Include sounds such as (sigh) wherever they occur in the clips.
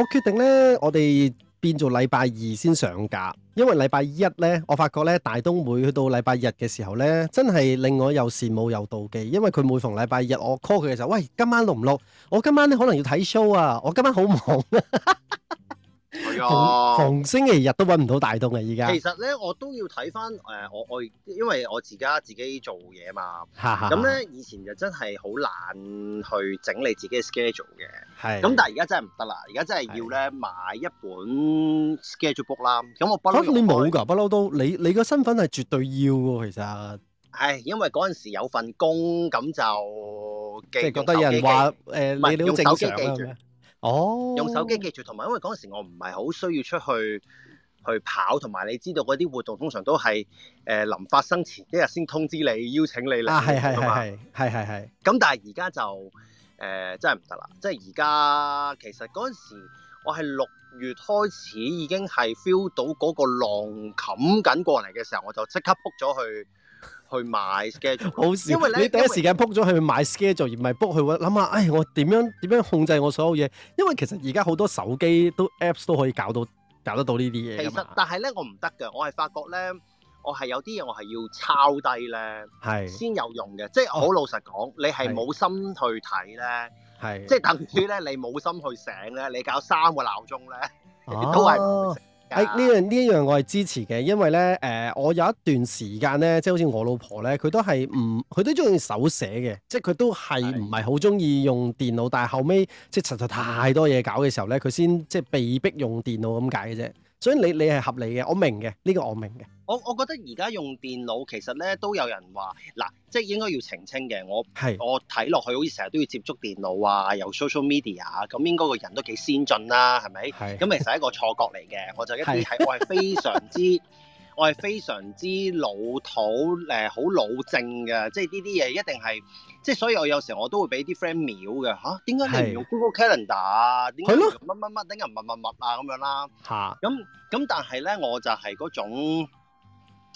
我決定呢，我哋變做禮拜二先上架，因為禮拜一呢，我發覺呢，大東每去到禮拜日嘅時候呢，真係令我又羨慕又妒忌，因為佢每逢禮拜日，我 call 佢嘅時候，喂，今晚錄唔錄？我今晚呢可能要睇 show 啊，我今晚好忙啊。 (laughs) 係啊，逢星期日都揾唔到大東啊！依家其實咧，我都要睇翻誒，我我因為我自己家自己做嘢嘛，咁咧以前就真係好難去整理自己嘅 schedule 嘅，咁但係而家真係唔得啦，而家真係要咧買一本 schedule book 啦。咁我不嬲，你冇噶，不嬲都，你你個身份係絕對要嘅，其實，係因為嗰陣時有份工，咁就即係覺得有人話誒，你都要正常嘅咩？.哦，oh，用手機記住，同埋因為嗰陣時我唔係好需要出去去跑，同埋你知道嗰啲活動通常都係誒臨發生前一日先通知你，邀請你嚟啊，係係係係係，咁但係而家就誒、呃、真係唔得啦，即係而家其實嗰陣時我係六月開始已經係 feel 到嗰個浪冚緊過嚟嘅時候，我就即刻撲咗去。去買 schedule， (laughs) 好笑因為你第一時間撲咗去買 schedule，而唔係 book 去揾諗下，唉，我點樣點樣控制我所有嘢？因為其實而家好多手機都 apps 都可以搞到搞得到呢啲嘢。其實，但係咧，我唔得嘅，我係發覺咧，我係有啲嘢我係要抄低咧，係是先有用嘅。即係好老實講，你係冇心去睇咧，係是是即係等於咧，你冇心去醒咧，你搞三個鬧鐘咧，都係、啊。誒呢樣呢一樣我係支持嘅，因為咧誒、呃，我有一段時間咧，即係好似我老婆咧，佢都係唔，佢都中意手寫嘅，即係佢都係唔係好中意用電腦，但係後尾，即係實在太多嘢搞嘅時候咧，佢先即係被逼用電腦咁解嘅啫。所以你你係合理嘅，我明嘅，呢、這個我明嘅。我我覺得而家用電腦其實咧都有人話，嗱，即係應該要澄清嘅。我係是我睇落去好似成日都要接觸電腦啊，有 social media，咁應該個人都幾先進啦、啊，係咪？咁是其實係一個錯覺嚟嘅。我就一定睇，是我係非常之 (laughs) 我係非常之老土誒，好、呃、老正嘅，即係呢啲嘢一定係。即係所以，我有時候我都會俾啲 friend 瞄嘅嚇，點解你唔用 Google Calendar 啊？點解乜乜乜等人問問問啊咁樣啦嚇。咁但係呢，我就係嗰種。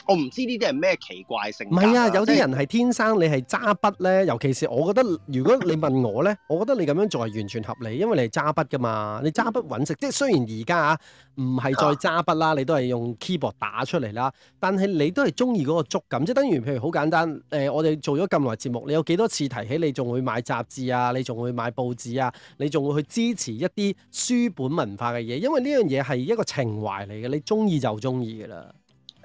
我唔知呢啲係，咩奇怪性格，唔係啊，啊，有啲人係天生你係揸筆咧，尤其是我覺得，如果你問我咧， (laughs) 我覺得你咁樣做係完全合理，因為你係揸筆噶嘛，你揸筆揾食。即係雖然而家啊，唔係再揸筆啦，你都係用 keyboard 打出嚟啦，但係你都係中意嗰個觸感，即係等於譬如好簡單。誒、呃，我哋做咗咁耐節目，你有幾多次提起你仲會買雜誌啊？你仲會買報紙啊？你仲會去支持一啲書本文化嘅嘢？因為呢樣嘢係一個情懷嚟嘅，你中意就中意噶啦。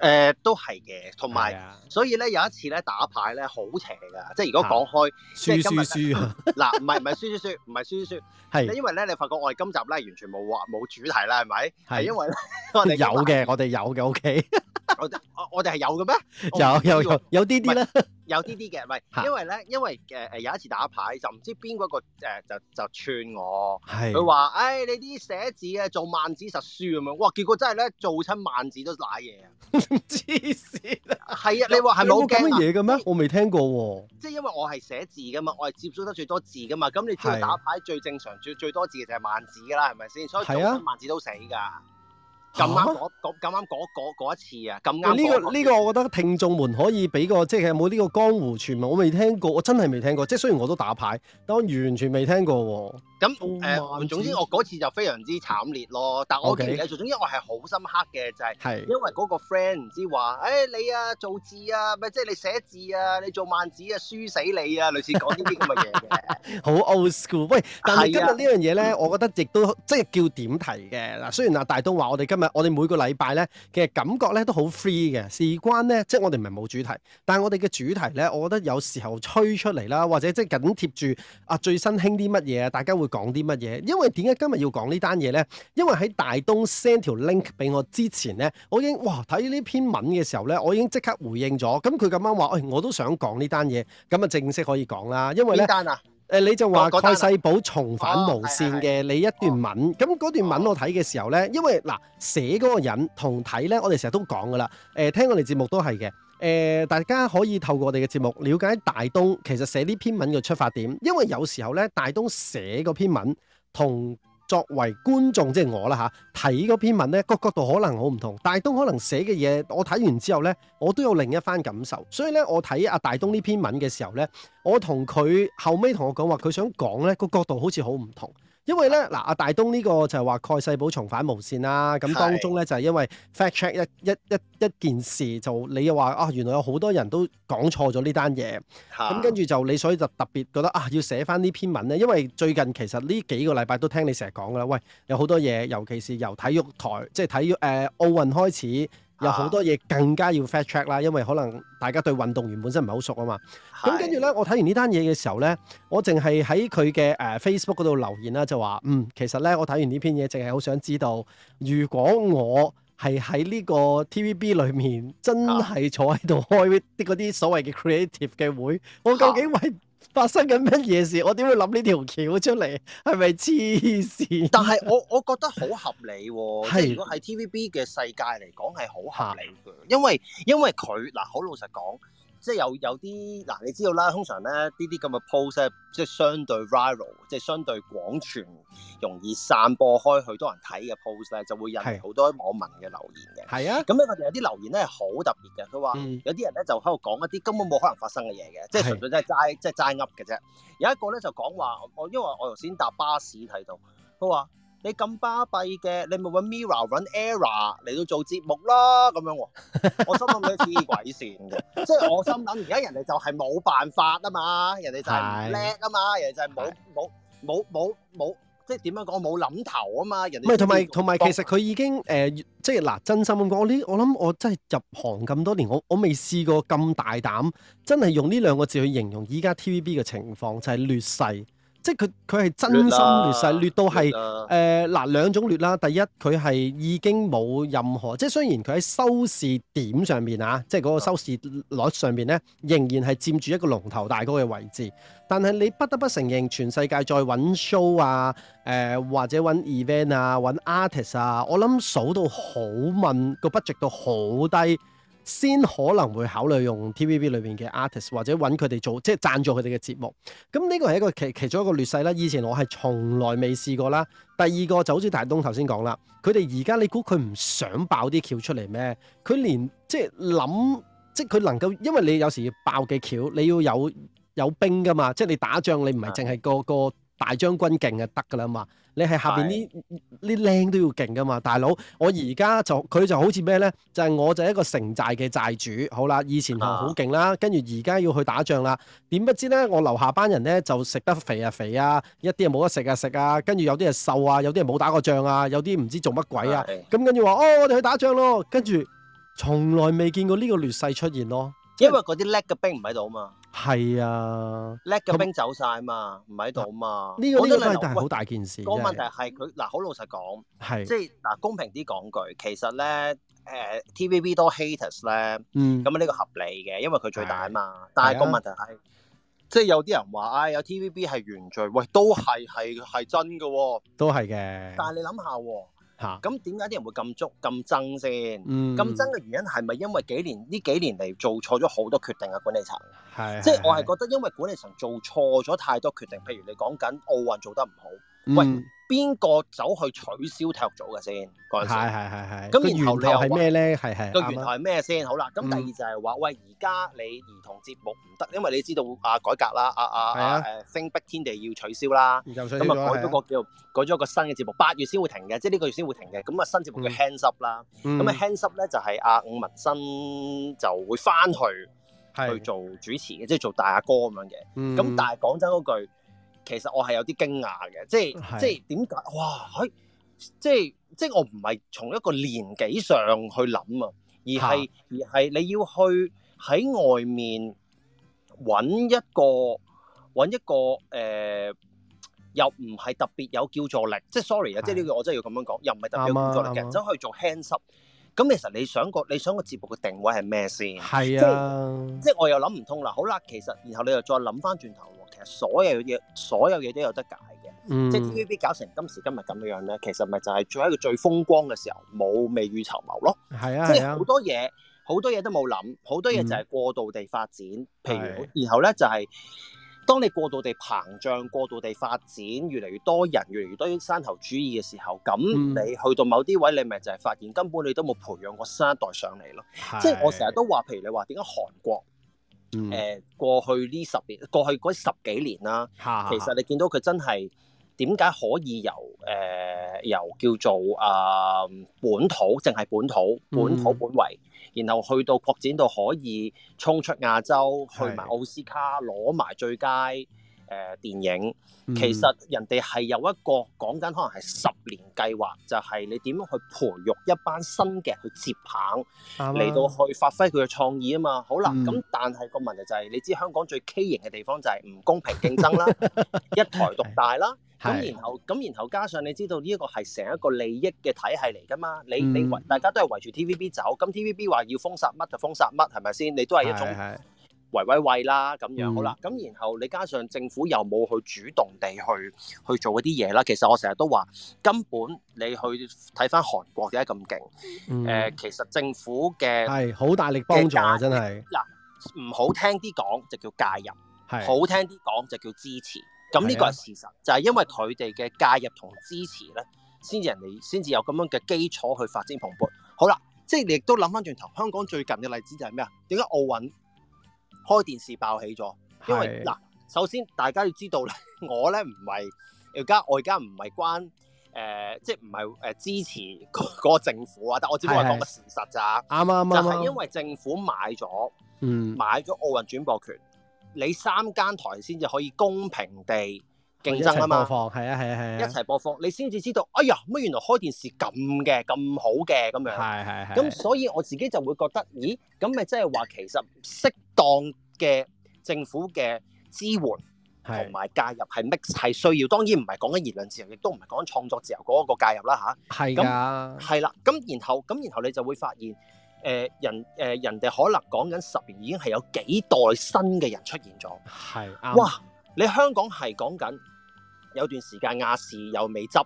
誒、呃、都係嘅，同埋的所以咧有一次咧打牌咧好邪噶，即係如果講開輸輸輸嗱，唔係唔係輸輸輸，唔係輸輸輸，係因為咧你發覺我哋今集咧完全冇話冇主題啦，係咪？係因為咧的 (laughs) 我哋有嘅，我哋有嘅，OK。 (laughs) 我有我哋係有嘅咩？有有有有啲啲咧，有啲啲嘅，唔係， (laughs) 因為咧，因為誒誒、呃、有一次打牌，就唔知邊個誒、呃、就就串我，佢話誒你啲寫字啊做萬字實輸咁樣，哇！結果真係咧做親萬字都瀨嘢啊，黐線啊！係啊，你話係冇嘅乜嘢嘅咩？我未聽過喎。即係因為我係寫字噶嘛，我係接觸得最多字噶嘛，咁你最打牌最正常最最多字嘅就係萬字噶啦，係咪先？所以做親的萬字都死噶。咁啱嗰咁啱嗰嗰一次啊，咁啱呢個呢個我覺得聽眾們可以俾個即係有冇呢個江湖傳聞，我未聽過，我真係未聽過，即係雖然我都打牌，但我完全未聽過喎。咁誒總之我嗰次就非常之慘烈咯。但我其實做，總之我係好深刻嘅，就係因為嗰個 friend 唔知話誒你啊做字啊，咪即係你寫字啊，你做萬字啊輸死你啊，類似講呢啲咁嘅嘢嘅。好 old school，喂！但係今日呢樣嘢咧，我覺得亦都即係叫點題嘅嗱。雖然阿大東話我哋今我哋每個禮拜呢，其實感覺呢都好 free 嘅。事關呢，即係我哋唔係冇主題，但係我哋嘅主題呢，我覺得有時候吹出嚟啦，或者即係緊貼住啊最新興啲乜嘢啊，大家會講啲乜嘢。因為點解今日要講呢單嘢呢？因為喺大東 send 條 link 俾我之前呢，我已經哇睇呢篇文嘅時候呢，我已經即刻回應咗。咁佢咁樣話，哎，我都想講呢單嘢，咁啊正式可以講啦。因為呢單啊。誒、呃、你就話蓋世寶重返無線嘅、哦、你一段文，咁嗰、哦、段文我睇嘅時候呢，因為嗱寫嗰個人同睇呢，我哋成日都講㗎喇，誒聽我哋節目都係嘅，誒、呃、大家可以透過我哋嘅節目了解大東其實寫呢篇文嘅出發點，因為有時候呢，大東寫嗰篇文同。作為觀眾，即係我啦嚇，睇嗰篇文呢個角度可能好唔同。大東可能寫嘅嘢，我睇完之後呢，我都有另一番感受。所以呢，我睇阿大東呢篇文嘅時候呢，我同佢後尾同我講話，佢想講呢個角度好似好唔同。因為咧，嗱、啊，阿大東呢個就係話蓋世寶重返無線啦、啊，咁當中咧是就係因為 fact check 一一一一件事，就你又話啊，原來有好多人都講錯咗呢單嘢，咁是、嗯、跟住就你所以就特別覺得啊，要寫翻呢篇文咧，因為最近其實呢幾個禮拜都聽你成日講㗎啦，喂，有好多嘢，尤其是由體育台即係體育誒、呃、奧運開始。有好多嘢更加要 fact check 啦，因為可能大家對運動員本身唔係好熟啊嘛。咁是跟住咧，我睇完呢單嘢嘅時候咧，我淨係喺佢嘅誒 Facebook 度留言啦、啊，就話：「嗯，其實咧我睇完呢篇嘢，淨係好想知道，如果我係喺呢個 TVB 裏面真係坐喺度開啲嗰啲所謂嘅 creative 嘅會，我究竟為？發生緊乜嘢事？我點會諗呢條橋出嚟？係咪黐線？但係我我覺得好合理，啊，即係 (laughs) 是如果係 TVB 嘅世界嚟講，係好合理嘅，因為因為佢嗱好老實講。即係有有啲嗱，你知道啦，通常咧呢啲咁嘅 post 即係相對 viral，即係相對廣傳、容易散播開、好多人睇嘅 post 咧，就會引嚟好多網民嘅留言嘅。係啊，咁咧佢哋有啲留言咧係好特別嘅，佢話有啲人咧、嗯、就喺度講一啲根本冇可能發生嘅嘢嘅，即係純粹真係齋即係齋噏嘅啫。有一個咧就講話，我因為我頭先搭巴士睇到，佢話。你咁巴閉嘅，你咪揾 Mirror 揾 Era 嚟到做節目啦，咁樣喎，我心諗佢黐鬼線嘅， (laughs) 即係我心諗而家人哋就係冇辦法啊嘛，人哋就係唔叻啊嘛，人哋就係冇冇冇冇冇，即係點樣講冇諗頭啊嘛，人哋唔係同埋同埋，其實佢已經誒，即係嗱，真心咁講，我呢，我諗我真係入行咁多年，我我未試過咁大膽，真係用呢兩個字去形容依家 TVB 嘅情況就係、是、劣勢。即係佢佢係真心劣勢，劣，啊、劣到係誒嗱兩種劣啦。第一佢係已經冇任何，即係雖然佢喺收視點上面，啊，即係嗰個收視率上面咧，仍然係佔住一個龍頭大哥嘅位置。但係你不得不承認，全世界再揾 show 啊，誒、呃、或者揾 event 啊，揾 artist 啊，我諗數到好問個 budget 都好低。先可能會考慮用 TVB 裏面嘅 artist 或者揾佢哋做，即係贊助佢哋嘅節目。咁呢個係一個其其中一個劣勢啦。以前我係從來未試過啦。第二個就好似大東頭先講啦，佢哋而家你估佢唔想爆啲橋出嚟咩？佢連即係諗即係佢能夠，因為你有時要爆嘅橋，你要有有兵㗎嘛。即係你打仗，你唔係淨係個個大將軍勁就得㗎啦嘛。你係下邊啲啲靚都要勁㗎嘛，大佬，我而家就佢就好似咩呢？就係、是、我就係一個城寨嘅寨主，好啦，以前係好勁啦，跟住而家要去打仗啦，點不知呢？我樓下班人呢，就食得肥啊肥啊，一啲冇得食啊食啊，跟住有啲係瘦啊，有啲係冇打過仗啊，有啲唔知做乜鬼啊，咁跟住話，哦，我哋去打仗咯，跟住從來未見過呢個劣勢出現咯。因為嗰啲叻嘅兵唔喺度啊嘛，係啊，叻嘅兵走晒啊嘛，唔喺度啊嘛，呢個都真係好大件事。個問題係佢嗱，好老實講，係即係嗱，公平啲講句，其實咧，誒 TVB 多 haters 咧，嗯，咁呢個合理嘅，因為佢最大啊嘛。但係個問題係，即係有啲人話，唉，有 TVB 係原罪，喂，都係係係真嘅喎，都係嘅。但係你諗下。咁點解啲人會咁足咁憎先？咁憎嘅原因係咪因為幾年呢幾年嚟做錯咗好多決定嘅、啊、管理層？係係係，即係我係覺得因為管理層做錯咗太多決定，譬如你講緊奧運做得唔好，喂。嗯邊個走去取消體育組嘅先？係係係係。咁然後你又係咩咧？係係。個源頭係咩先？好啦，咁第二就係話，喂，而家你兒童節目唔得，因為你知道啊改革啦，啊啊啊誒 Think Big 天地要取消啦。又取消咗。咁啊改咗個叫改咗一個新嘅節目，八月先會停嘅，即係呢個月先會停嘅。咁啊新節目叫 Hands up 啦，咁啊 Hands up 咧就係阿伍文生就會返去去做主持嘅，即係做大阿哥咁樣嘅。咁但係講真嗰句。其實我係有啲驚訝嘅，即係即係點解？哇！即係即係我唔係從一個年紀上去諗啊，而係而係你要去喺外面揾一個揾一個誒，又唔係特別有叫座力，即係 sorry 啊！即係呢個我真係要咁樣講，又唔係特別有叫座力嘅，走去做 hands up。咁其實你想個你想個節目嘅定位係咩先？係啊，即係我又諗唔通啦。好啦，其實然後你又再諗返轉頭。所有嘢，所有嘢都有得解嘅。嗯、即係 TVB 搞成今時今日咁樣樣咧，其實咪就係做一個最風光嘅時候冇未雨綢繆咯。係啊，即係好多嘢，好、啊、多嘢都冇諗，好多嘢就係過度地發展。譬如，是然後咧就係、是，當你過度地膨脹、過度地發展，越嚟越多人、越嚟越多山頭主義嘅時候，咁你去到某啲位，你咪就係發現根本你都冇培養過新一代上嚟咯。是即係我成日都話，譬如你話點解韓國？誒、嗯、過去呢十年，過去嗰十幾年啦，其實你見到佢真係點解可以由誒、呃、由叫做啊、呃、本土，淨係本，本土本土本位，嗯、然後去到擴展到可以衝出亞洲，去埋奧斯卡攞埋的最佳。誒電影其實人哋係有一個講緊，可能係十年計劃，就係、是、你點樣去培育一班新嘅去接棒嚟、嗯、到去發揮佢嘅創意啊嘛。好啦，咁、嗯、但係個問題就係、是，你知香港最畸形嘅地方就係唔公平競爭啦， (laughs) 一台獨大啦。咁 (laughs) 是然後咁然後加上你知道呢一個係成一個利益嘅體系嚟㗎嘛。你你圍大家都係圍住 TVB 走，咁 TVB 話要封殺乜就封殺乜，係咪先？你都係一種。喂喂喂啦咁樣，好啦。咁、嗯、然後你加上政府又冇去主動地去去做嗰啲嘢啦。其實我成日都話根本你去睇翻韓國點解咁勁誒，其實政府嘅係好大力幫助解真係嗱唔好聽啲講就叫介入，是好聽啲講就叫，叫支持。咁呢個係事實，啊、就係因為佢哋嘅介入同支持咧，先至人哋先至有咁樣嘅基礎去發展蓬勃。好啦，即係你亦都諗翻轉頭，香港最近嘅例子就係咩啊？點解奧運？開電視爆起咗，因為嗱，首先大家要知道咧，我咧唔係而家我而家唔係關誒、呃，即係唔係誒支持嗰個，個政府啊，但係我只係講個事實咋，啱啱啱，就係因為政府買咗，嗯，買咗奧運轉播權，你三間台先至可以公平地競爭啊嘛，一齊播放，係啊係啊係啊，一齊播放，你先至知道，哎呀，乜原來開電視咁嘅咁好嘅咁樣，係係係，咁所以我自己就會覺得，咦，咁咪即係話其實識。當嘅政府嘅支援同埋介入係咩？係需要，當然唔係講緊言論自由，亦都唔係講創作自由嗰個介入啦吓，係、啊、咁，係啦是的。咁然後咁然後你就會發現，誒、呃、人誒、呃、人哋可能講緊十年已經係有幾代新嘅人出現咗。係，哇！你香港係講緊有段時間亞視又未執，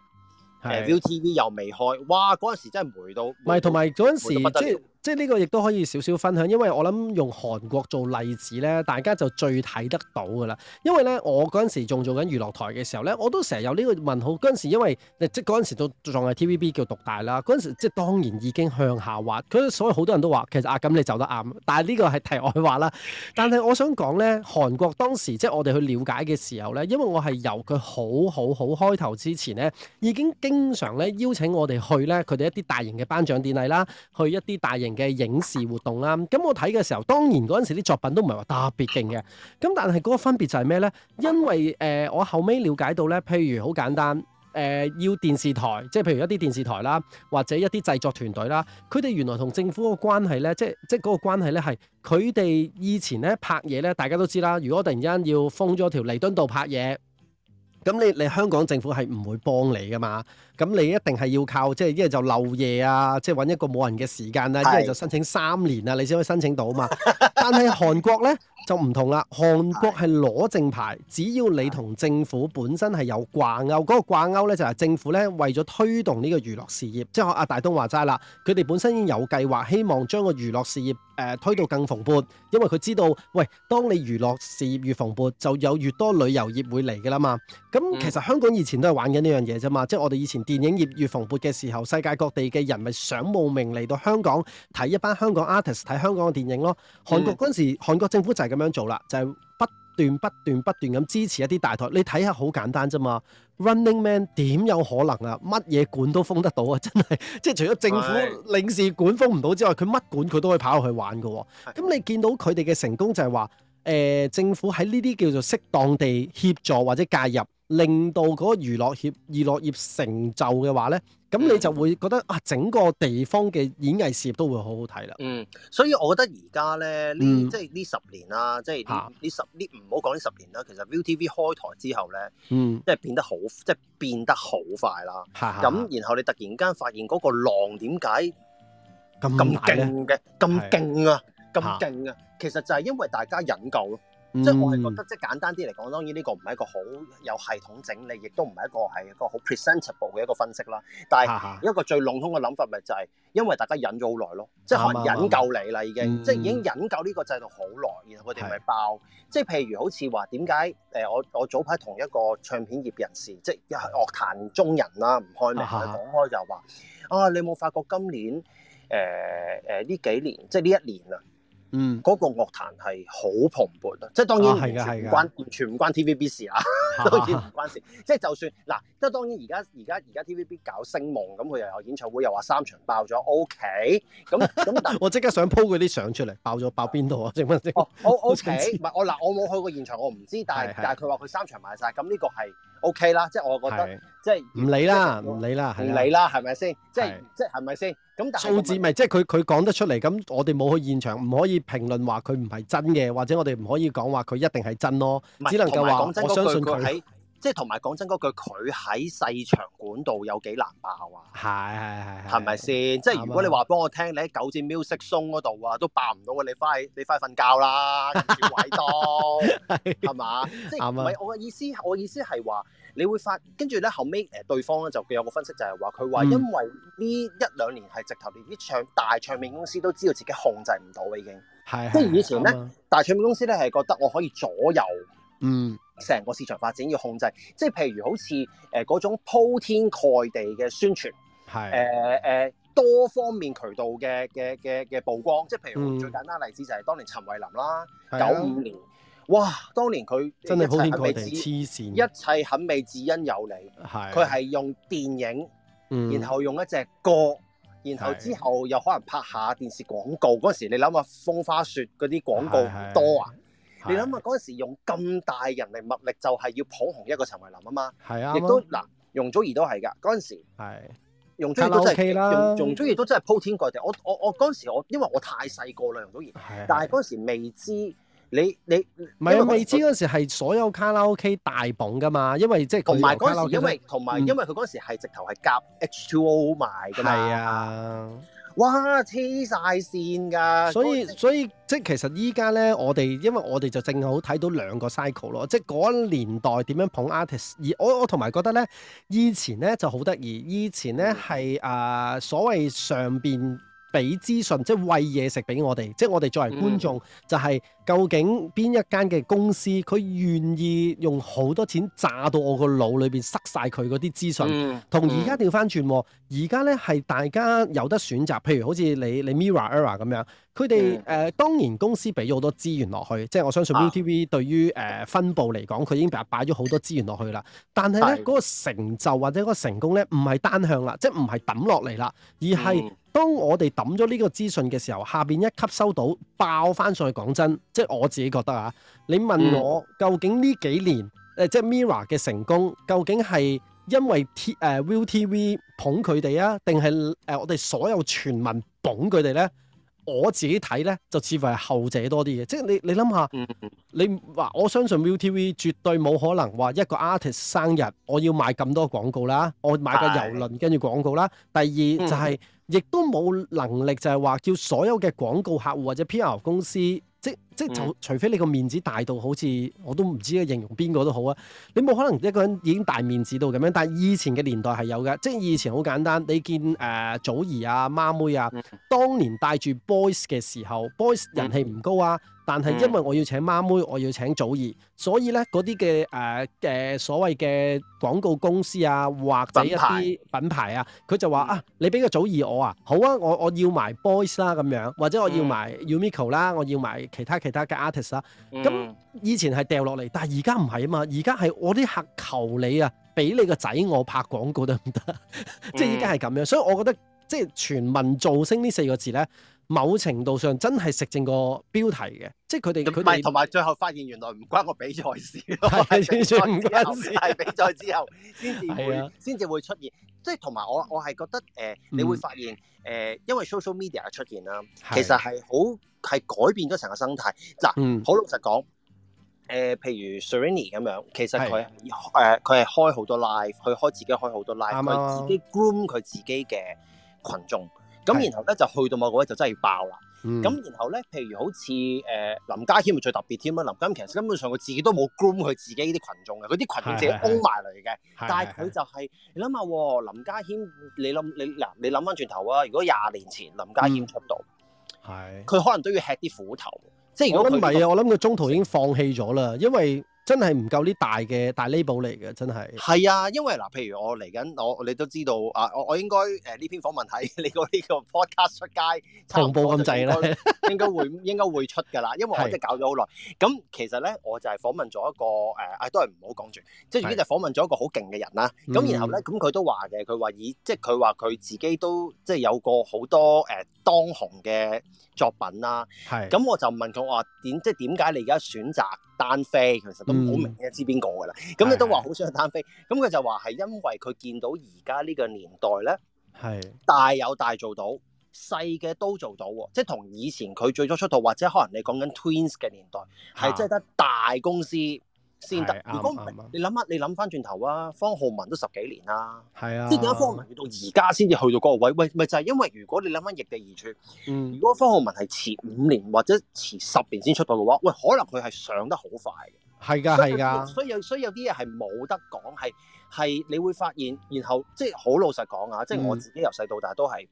誒 Viu 是的、呃、TV 又未開，哇！嗰陣時真係霉到，唔係同埋嗰陣時即係呢個亦都可以少少分享，因為我諗用韓國做例子咧，大家就最睇得到噶啦。因為咧，我嗰陣時仲做緊娛樂台嘅時候咧，我都成日有呢個問號。嗰陣時因為，即係嗰陣時都仲係 TVB 叫獨大啦。嗰陣時即係當然已經向下滑，所以好多人都話其實阿、啊、錦你走得啱。但係呢個係題外話啦。但係我想講咧，韓國當時即係我哋去了解嘅時候咧，因為我係由佢好好好開頭之前咧，已經經常咧邀請我哋去咧佢哋一啲大型嘅頒獎典禮啦，去一啲大型。嘅影視活動啦，咁我睇嘅時候，當然嗰陣時啲作品都唔係話特別勁嘅，咁但係嗰個分別就係咩呢？因為誒、呃，我後尾了解到呢，譬如好簡單，誒、呃，要電視台，即係譬如一啲電視台啦，或者一啲製作團隊啦，佢哋原來同政府個關係呢，即係即係嗰個關係呢，係佢哋以前呢拍嘢呢，大家都知啦，如果突然之間要封咗條彌敦道拍嘢。咁你你香港政府係唔會幫你㗎嘛？咁你一定係要靠即係一係就漏夜啊，即係揾一個冇人嘅時間啦、啊，一係就申請三年啦、啊，你先可以申請到嘛。但係韓國咧， (laughs) 就唔同啦，韓國係攞證牌，只要你同政府本身係有掛鈎，嗰、那個掛鈎呢就係政府呢為咗推動呢個娛樂事業，即係阿大東話齋啦，佢哋本身已經有計劃希望將個娛樂事業誒、呃、推到更蓬勃，因為佢知道，喂，當你娛樂事業越蓬勃，就有越多旅遊業會嚟嘅啦嘛。咁其實香港以前都係玩緊呢樣嘢啫嘛，即係我哋以前電影業越蓬勃嘅時候，世界各地嘅人咪想慕名嚟到香港睇一班香港 artist 睇香港嘅電影咯。韓國嗰陣時，韓國政府就係、是。咁樣做啦，就係、是、不斷不斷不斷咁支持一啲大台。你睇下好簡單啫嘛，Running Man 點有可能啊？乜嘢管都封得到啊？真係，即係除咗政府領事館封唔到之外，佢乜管佢都可以跑入去玩嘅、啊。咁你見到佢哋嘅成功就係話，誒、呃、政府喺呢啲叫做適當地協助或者介入，令到嗰個娛樂協娛樂業成就嘅話咧。咁你就會覺得啊，整個地方嘅演藝事業都會好好睇啦。嗯，所以我覺得而家咧呢，即係呢十年啦，即係呢十呢唔好講呢十年啦。其實 ViuTV 開台之後呢，嗯，即係變得好，即係變得好快啦。嚇咁、嗯、然後你突然間發現嗰個浪點解咁勁嘅？咁勁啊！咁勁啊！其實就係因為大家忍夠咯。嗯、即係我係覺得，即係簡單啲嚟講，當然呢個唔係一個好有系統整理，亦都唔係一個係一個好 presentable 嘅一個分析啦。但係一個最籠統嘅諗法，咪就係因為大家忍咗好耐咯，即係可能忍夠你啦，已經，嗯、即係已經忍夠呢個制度好耐，然後佢哋咪爆。是即係譬如好似話點解誒，我我早排同一個唱片業人士，即係樂壇中人啦、啊，唔開名去講開就話啊，你冇發覺今年誒誒呢幾年，即係呢一年啊？嗯，嗰個樂壇係好蓬勃啊！啊 (laughs) 即係當然係㗎，係完全唔關，完全唔關 TVB 事啊！都已經唔關事，即係就算嗱，即係當然而家而家而家 TVB 搞星夢，咁佢又有演唱會，又話三場爆咗，OK，咁咁啊！OK，但但 (laughs) 我即刻想 po 啲相出嚟，爆咗爆邊度啊？請問先 OK，我嗱 okay, (laughs) 我冇去過現場，我唔知，但係但係佢話佢三場賣晒，咁呢個係。的 (laughs) OK 啦，即係我覺得，即係唔理啦，唔理啦，唔理啦，係咪先？即係即係係咪先？咁但係數字咪即係佢佢講得出嚟，咁我哋冇去現場，唔可以評論話佢唔係真嘅，或者我哋唔可以講話佢一定係真咯，只能夠話我相信佢。即係同埋講真嗰句，佢喺細場管道有幾難爆啊！係係係係，係咪先？即係如果你話幫我聽，你喺九展 Music Song 嗰度啊，都爆唔到嘅。你快你快瞓覺啦，陳偉東係嘛？即係唔係我嘅意思？我嘅意思係話，你會發跟住咧後尾誒對方咧就有個分析就係話，佢話因為呢一兩年係直頭啲唱大唱片公司都知道自己控制唔到已經，係即係以前咧大唱片公司咧係覺得我可以左右嗯。成個市場發展要控制，即係譬如好似誒嗰種鋪天蓋地嘅宣傳，係誒誒多方面渠道嘅嘅嘅嘅曝光，即係譬如最簡單例子就係當年陳慧琳啦，九五的年，哇！當年佢真係鋪天蓋地，痴線，一切很美，只因有你，佢係的用電影，然後用一隻歌，的然後之後又可能拍下電視廣告，嗰時你諗下《風花雪》嗰啲廣告多啊！你諗下嗰陣時用咁大人力物力，就係要捧紅一個陳慧琳的都啊嘛。係啊，亦都嗱，容祖兒都係噶嗰陣時，係，容祖兒都真係，容祖兒都真係鋪天蓋地。我我我嗰陣時我因為我太細個啦，容祖兒，的但係嗰陣時未知你你，唔係我未知嗰陣時係所有卡拉 OK 大捧噶嘛，因為即係同埋嗰陣時因為同埋、嗯、因為佢嗰陣時係直頭係夾 H2O 埋㗎嘛。哇，黐晒線㗎！所以所以即係其實依家咧，我哋因為我哋就正好睇到兩個 cycle 咯，即係嗰年代點樣捧 artist，而我我同埋覺得咧，以前咧就好得意，以前咧係誒所謂上邊。俾資訊，即係餵嘢食俾我哋，即係我哋作為觀眾，嗯、就係究竟邊一間嘅公司，佢願意用好多錢炸到我個腦裏邊塞晒佢嗰啲資訊，嗯嗯、同而家調翻轉，而家呢係大家有得選擇，譬如好似你你 Mirror Era 咁樣。佢哋誒當然公司俾咗好多資源落去，即係我相信 ViuTV 對於誒、呃、分佈嚟講，佢已經擺擺咗好多資源落去啦。但係咧嗰個成就或者嗰個成功咧，唔係單向啦，即係唔係抌落嚟啦，而係、嗯、當我哋抌咗呢個資訊嘅時候，下邊一吸收到爆翻上去。講真，即係我自己覺得啊，你問我究竟呢幾年誒、呃、即係 Mirror 嘅成功，究竟係因為 T 誒、呃、ViuTV 捧佢哋啊，定係誒我哋所有全民捧佢哋咧？我自己睇呢，就似乎係後者多啲嘅，即係你你諗下， (laughs) 你嗱我相信 ViuTV 絕對冇可能話一個 artist 生日我要買咁多廣告啦，我買個郵輪跟住廣告啦。 (laughs) 第二就係亦都冇能力就係話叫所有嘅廣告客戶或者 PR 公司。即即就除非你個面子大到好似我都唔知啊形容邊個都好啊，你冇可能一個人已經大面子到咁樣，但係以前嘅年代係有嘅，即係以前好簡單，你見誒、呃、祖兒啊媽妹啊，當年帶住 boys 嘅時候 (laughs) ，boys 人氣唔高啊。但係因為我要請媽妹，我要請祖兒，所以咧嗰啲嘅誒誒所謂嘅廣告公司啊，或者一啲品牌啊，佢牌就話、嗯、啊，你俾個祖兒我啊，好啊，我我要埋 boys 啦咁樣，或者我要埋 UmiCo 啦，我要埋其他其他嘅 artist 啦。咁、嗯、以前係掉落嚟，但係而家唔係啊嘛，而家係我啲客求你啊，俾你個仔我拍廣告得唔得？即係而家係咁樣，所以我覺得即係全民造星呢四個字咧。某程度上真係食正個標題嘅，即係佢哋嘅佢哋，同埋們最後發現原來唔 (laughs) 關個後比賽事咯，係比賽之後先至會先至會出現，即係同埋我我係覺得誒、呃，你會發現誒、呃，因為 social media 出現啦，其實係好係改變咗成個生態。嗱，好老實講，誒、呃，譬如 Serrini 咁樣，其實佢誒佢係開好多 live，去開自己開好多 live，佢自，自己 groom 佢自己嘅群眾。咁然後咧就去到某個位就真係爆啦。咁、嗯、然後咧，譬如好似誒、呃、林家謙咪最特別添啊。林家謙其實根本上佢自己都冇 groom 佢自己啲群眾嘅，佢啲群眾自己 own 埋嚟嘅。是是是是但係佢就係、是、你諗下喎，林家謙，你諗你嗱，你諗翻轉頭啊，如果廿年前林家謙出道，係、嗯，佢可能都要吃啲苦頭。即係如果唔係啊，我諗佢中途已經放棄咗啦，因為。真係唔夠呢大嘅大 label 嚟嘅，真係。係啊，因為嗱，譬如我嚟緊，我你都知道啊，我我應該誒呢、呃、篇訪問喺你個呢個 Podcast 出街。紅布咁滯咧，應該會應該會出㗎啦，因為我真係搞咗好耐。咁是其實咧，我就係訪問咗一個誒、呃，都係唔好講住，即係已經就訪問咗一個好勁嘅人啦。咁、嗯、然後咧，咁佢都話嘅，佢話以即係佢話佢自己都即係有過好多誒當紅嘅作品啦。係是。咁是我就問佢話點即係點解你而家選擇？單飛其實都唔好明嘅，知邊個㗎啦。咁你都話好想去單飛，咁佢是的 就話係因為佢見到而家呢個年代咧，係是的 大有大做到，細嘅都做到喎、哦。即係同以前佢最早出道或者可能你講緊 Twins 嘅年代，係即係得大公司。先得。對如果唔係、yeah, right , right，你諗下，你諗翻轉頭啊，方浩文都十幾年啦、啊，Yeah. 即係點解方浩文到而家先至去到嗰個位？喂，咪就係、是、因為如果你諗翻逆地而處，嗯，Yeah. 如果方浩文係遲五年或者遲十年先出道嘅話，喂，可能佢係上得好快嘅。係噶 Yeah. Yeah.，係噶。所以有，所以有啲嘢係冇得講，係係，你會發現，然後即係好老實講啊，即、就、係、是、我自己由細到大都係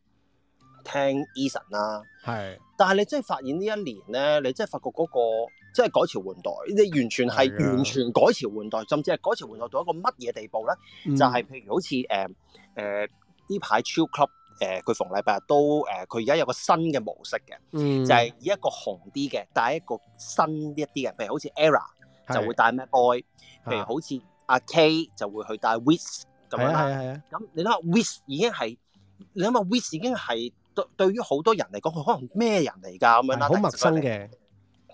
聽 Eason 啦，係。但係你真係發現呢一年咧，你真係發覺嗰個。即係改朝換代，你完全係完全改朝換代，甚至係改朝換代到一個乜嘢地步咧？就係譬如好似誒誒呢排 Chill Club 誒，佢逢禮拜日都誒，佢而家有個新嘅模式嘅，就係以一個紅啲嘅帶一個新一啲嘅，譬如好似 Era 就會帶咩 Boy，譬如好似阿 K 就會去帶 Wish 咁樣啦。咁你諗下 Wish 已經係你諗下 Wish 已經係對對於好多人嚟講，佢可能咩人嚟㗎咁樣啦？好陌生嘅。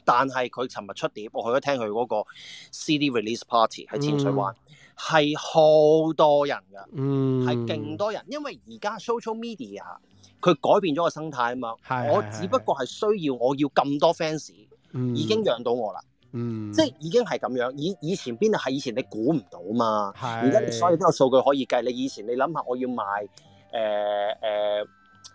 但係佢尋日出碟，我去咗聽佢嗰個 CD release party 喺淺水灣，係、嗯、好多人㗎，係、嗯、勁多人，因為而家 social media 佢改變咗個生態啊嘛，是我只不過係需要我要咁多 fans、嗯、已經養到我啦，嗯、即係已經係咁樣。以以前邊度係以前你估唔到嘛，而家你所有都有數據可以計。你以前你諗下，我要賣誒誒。呃呃呃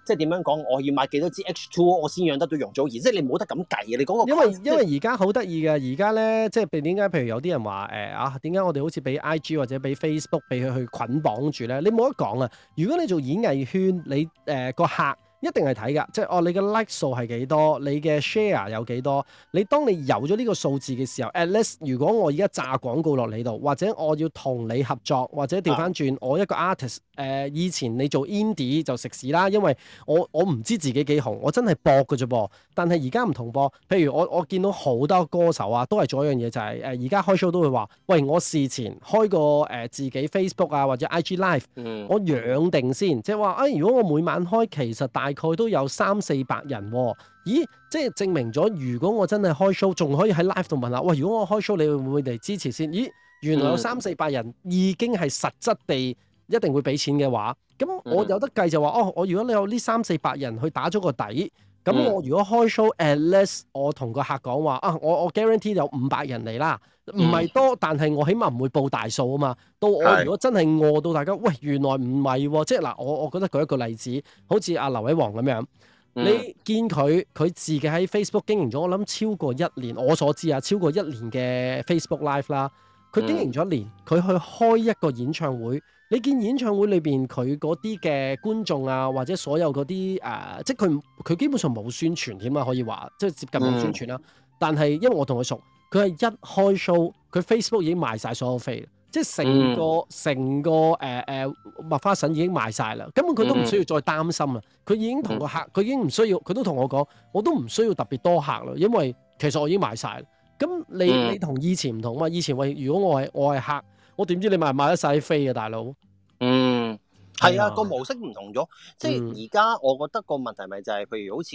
即係點樣講，我要買幾多支 H two，我先養得到容祖兒，即係你冇得咁計啊，你嗰個因為因為而家好得意嘅，而家咧即係係點解？譬如有啲人話誒、哎、啊，點解我哋好似俾 IG 或者俾 Facebook 俾佢去捆綁住咧？你冇得講啊！如果你做演藝圈，你誒個、呃、客。一定係睇㗎，即係哦、like，你嘅 like 數係幾多，你嘅 share 有幾多？你當你有咗呢個數字嘅時候，at least 如果我而家炸廣告落你度，或者我要同你合作，或者調翻轉我一個 artist 誒、呃、以前你做 indie 就食屎啦，因為我我唔知自己幾紅，我真係搏㗎啫噃。但係而家唔同噃，譬如我我見到好多歌手啊，都係做一樣嘢，就係，就係誒而家開 show 都會話喂，我事前開個誒、呃、自己 Facebook 啊或者 IG live 我養定先，即係話啊，如果我每晚開其實大。佢都有三四百人，哦，咦？即係證明咗，如果我真係開 show，仲可以喺 live 度問下，喂，如果我開 show，你會唔會嚟支持先？咦，原來有三四百人已經係實質地一定會俾錢嘅話，咁我有得計就話哦，我如果你有呢三四百人去打咗個底。咁我如果開 show at least 我同個客講話啊，我我 guarantee 有五百人嚟啦，唔係多，但係我起碼唔會報大數啊嘛。到我如果真係餓到大家，喂，原來唔係、哦，即係嗱，我我覺得舉一個例子，好似阿劉偉煌咁樣，你見佢佢自己喺 Facebook 經營咗，我諗超過一年，我所知啊，超過一年嘅 Facebook Live 啦，佢經營咗一年，佢去開一個演唱會。你見演唱會裏邊佢嗰啲嘅觀眾啊，或者所有嗰啲誒，即係佢佢基本上冇宣傳添啊，可以話即係接近冇宣傳啦、啊。但係因為我同佢熟，佢係一開 show，佢 Facebook 已經賣晒所有飛，即係成個成、嗯、個誒誒、呃、麥花臣已經賣晒啦。根本佢都唔需要再擔心啦。佢、嗯、已經同個客，佢已經唔需要，佢都同我講，我都唔需要特別多客咯，因為其實我已經賣晒。咁你你同以前唔同嘛？以前我如果我係我係客。我點知你賣唔賣得晒啲飛啊大佬？嗯，係啊，個模式唔同咗。即係而家我覺得個問題咪就係，譬如好似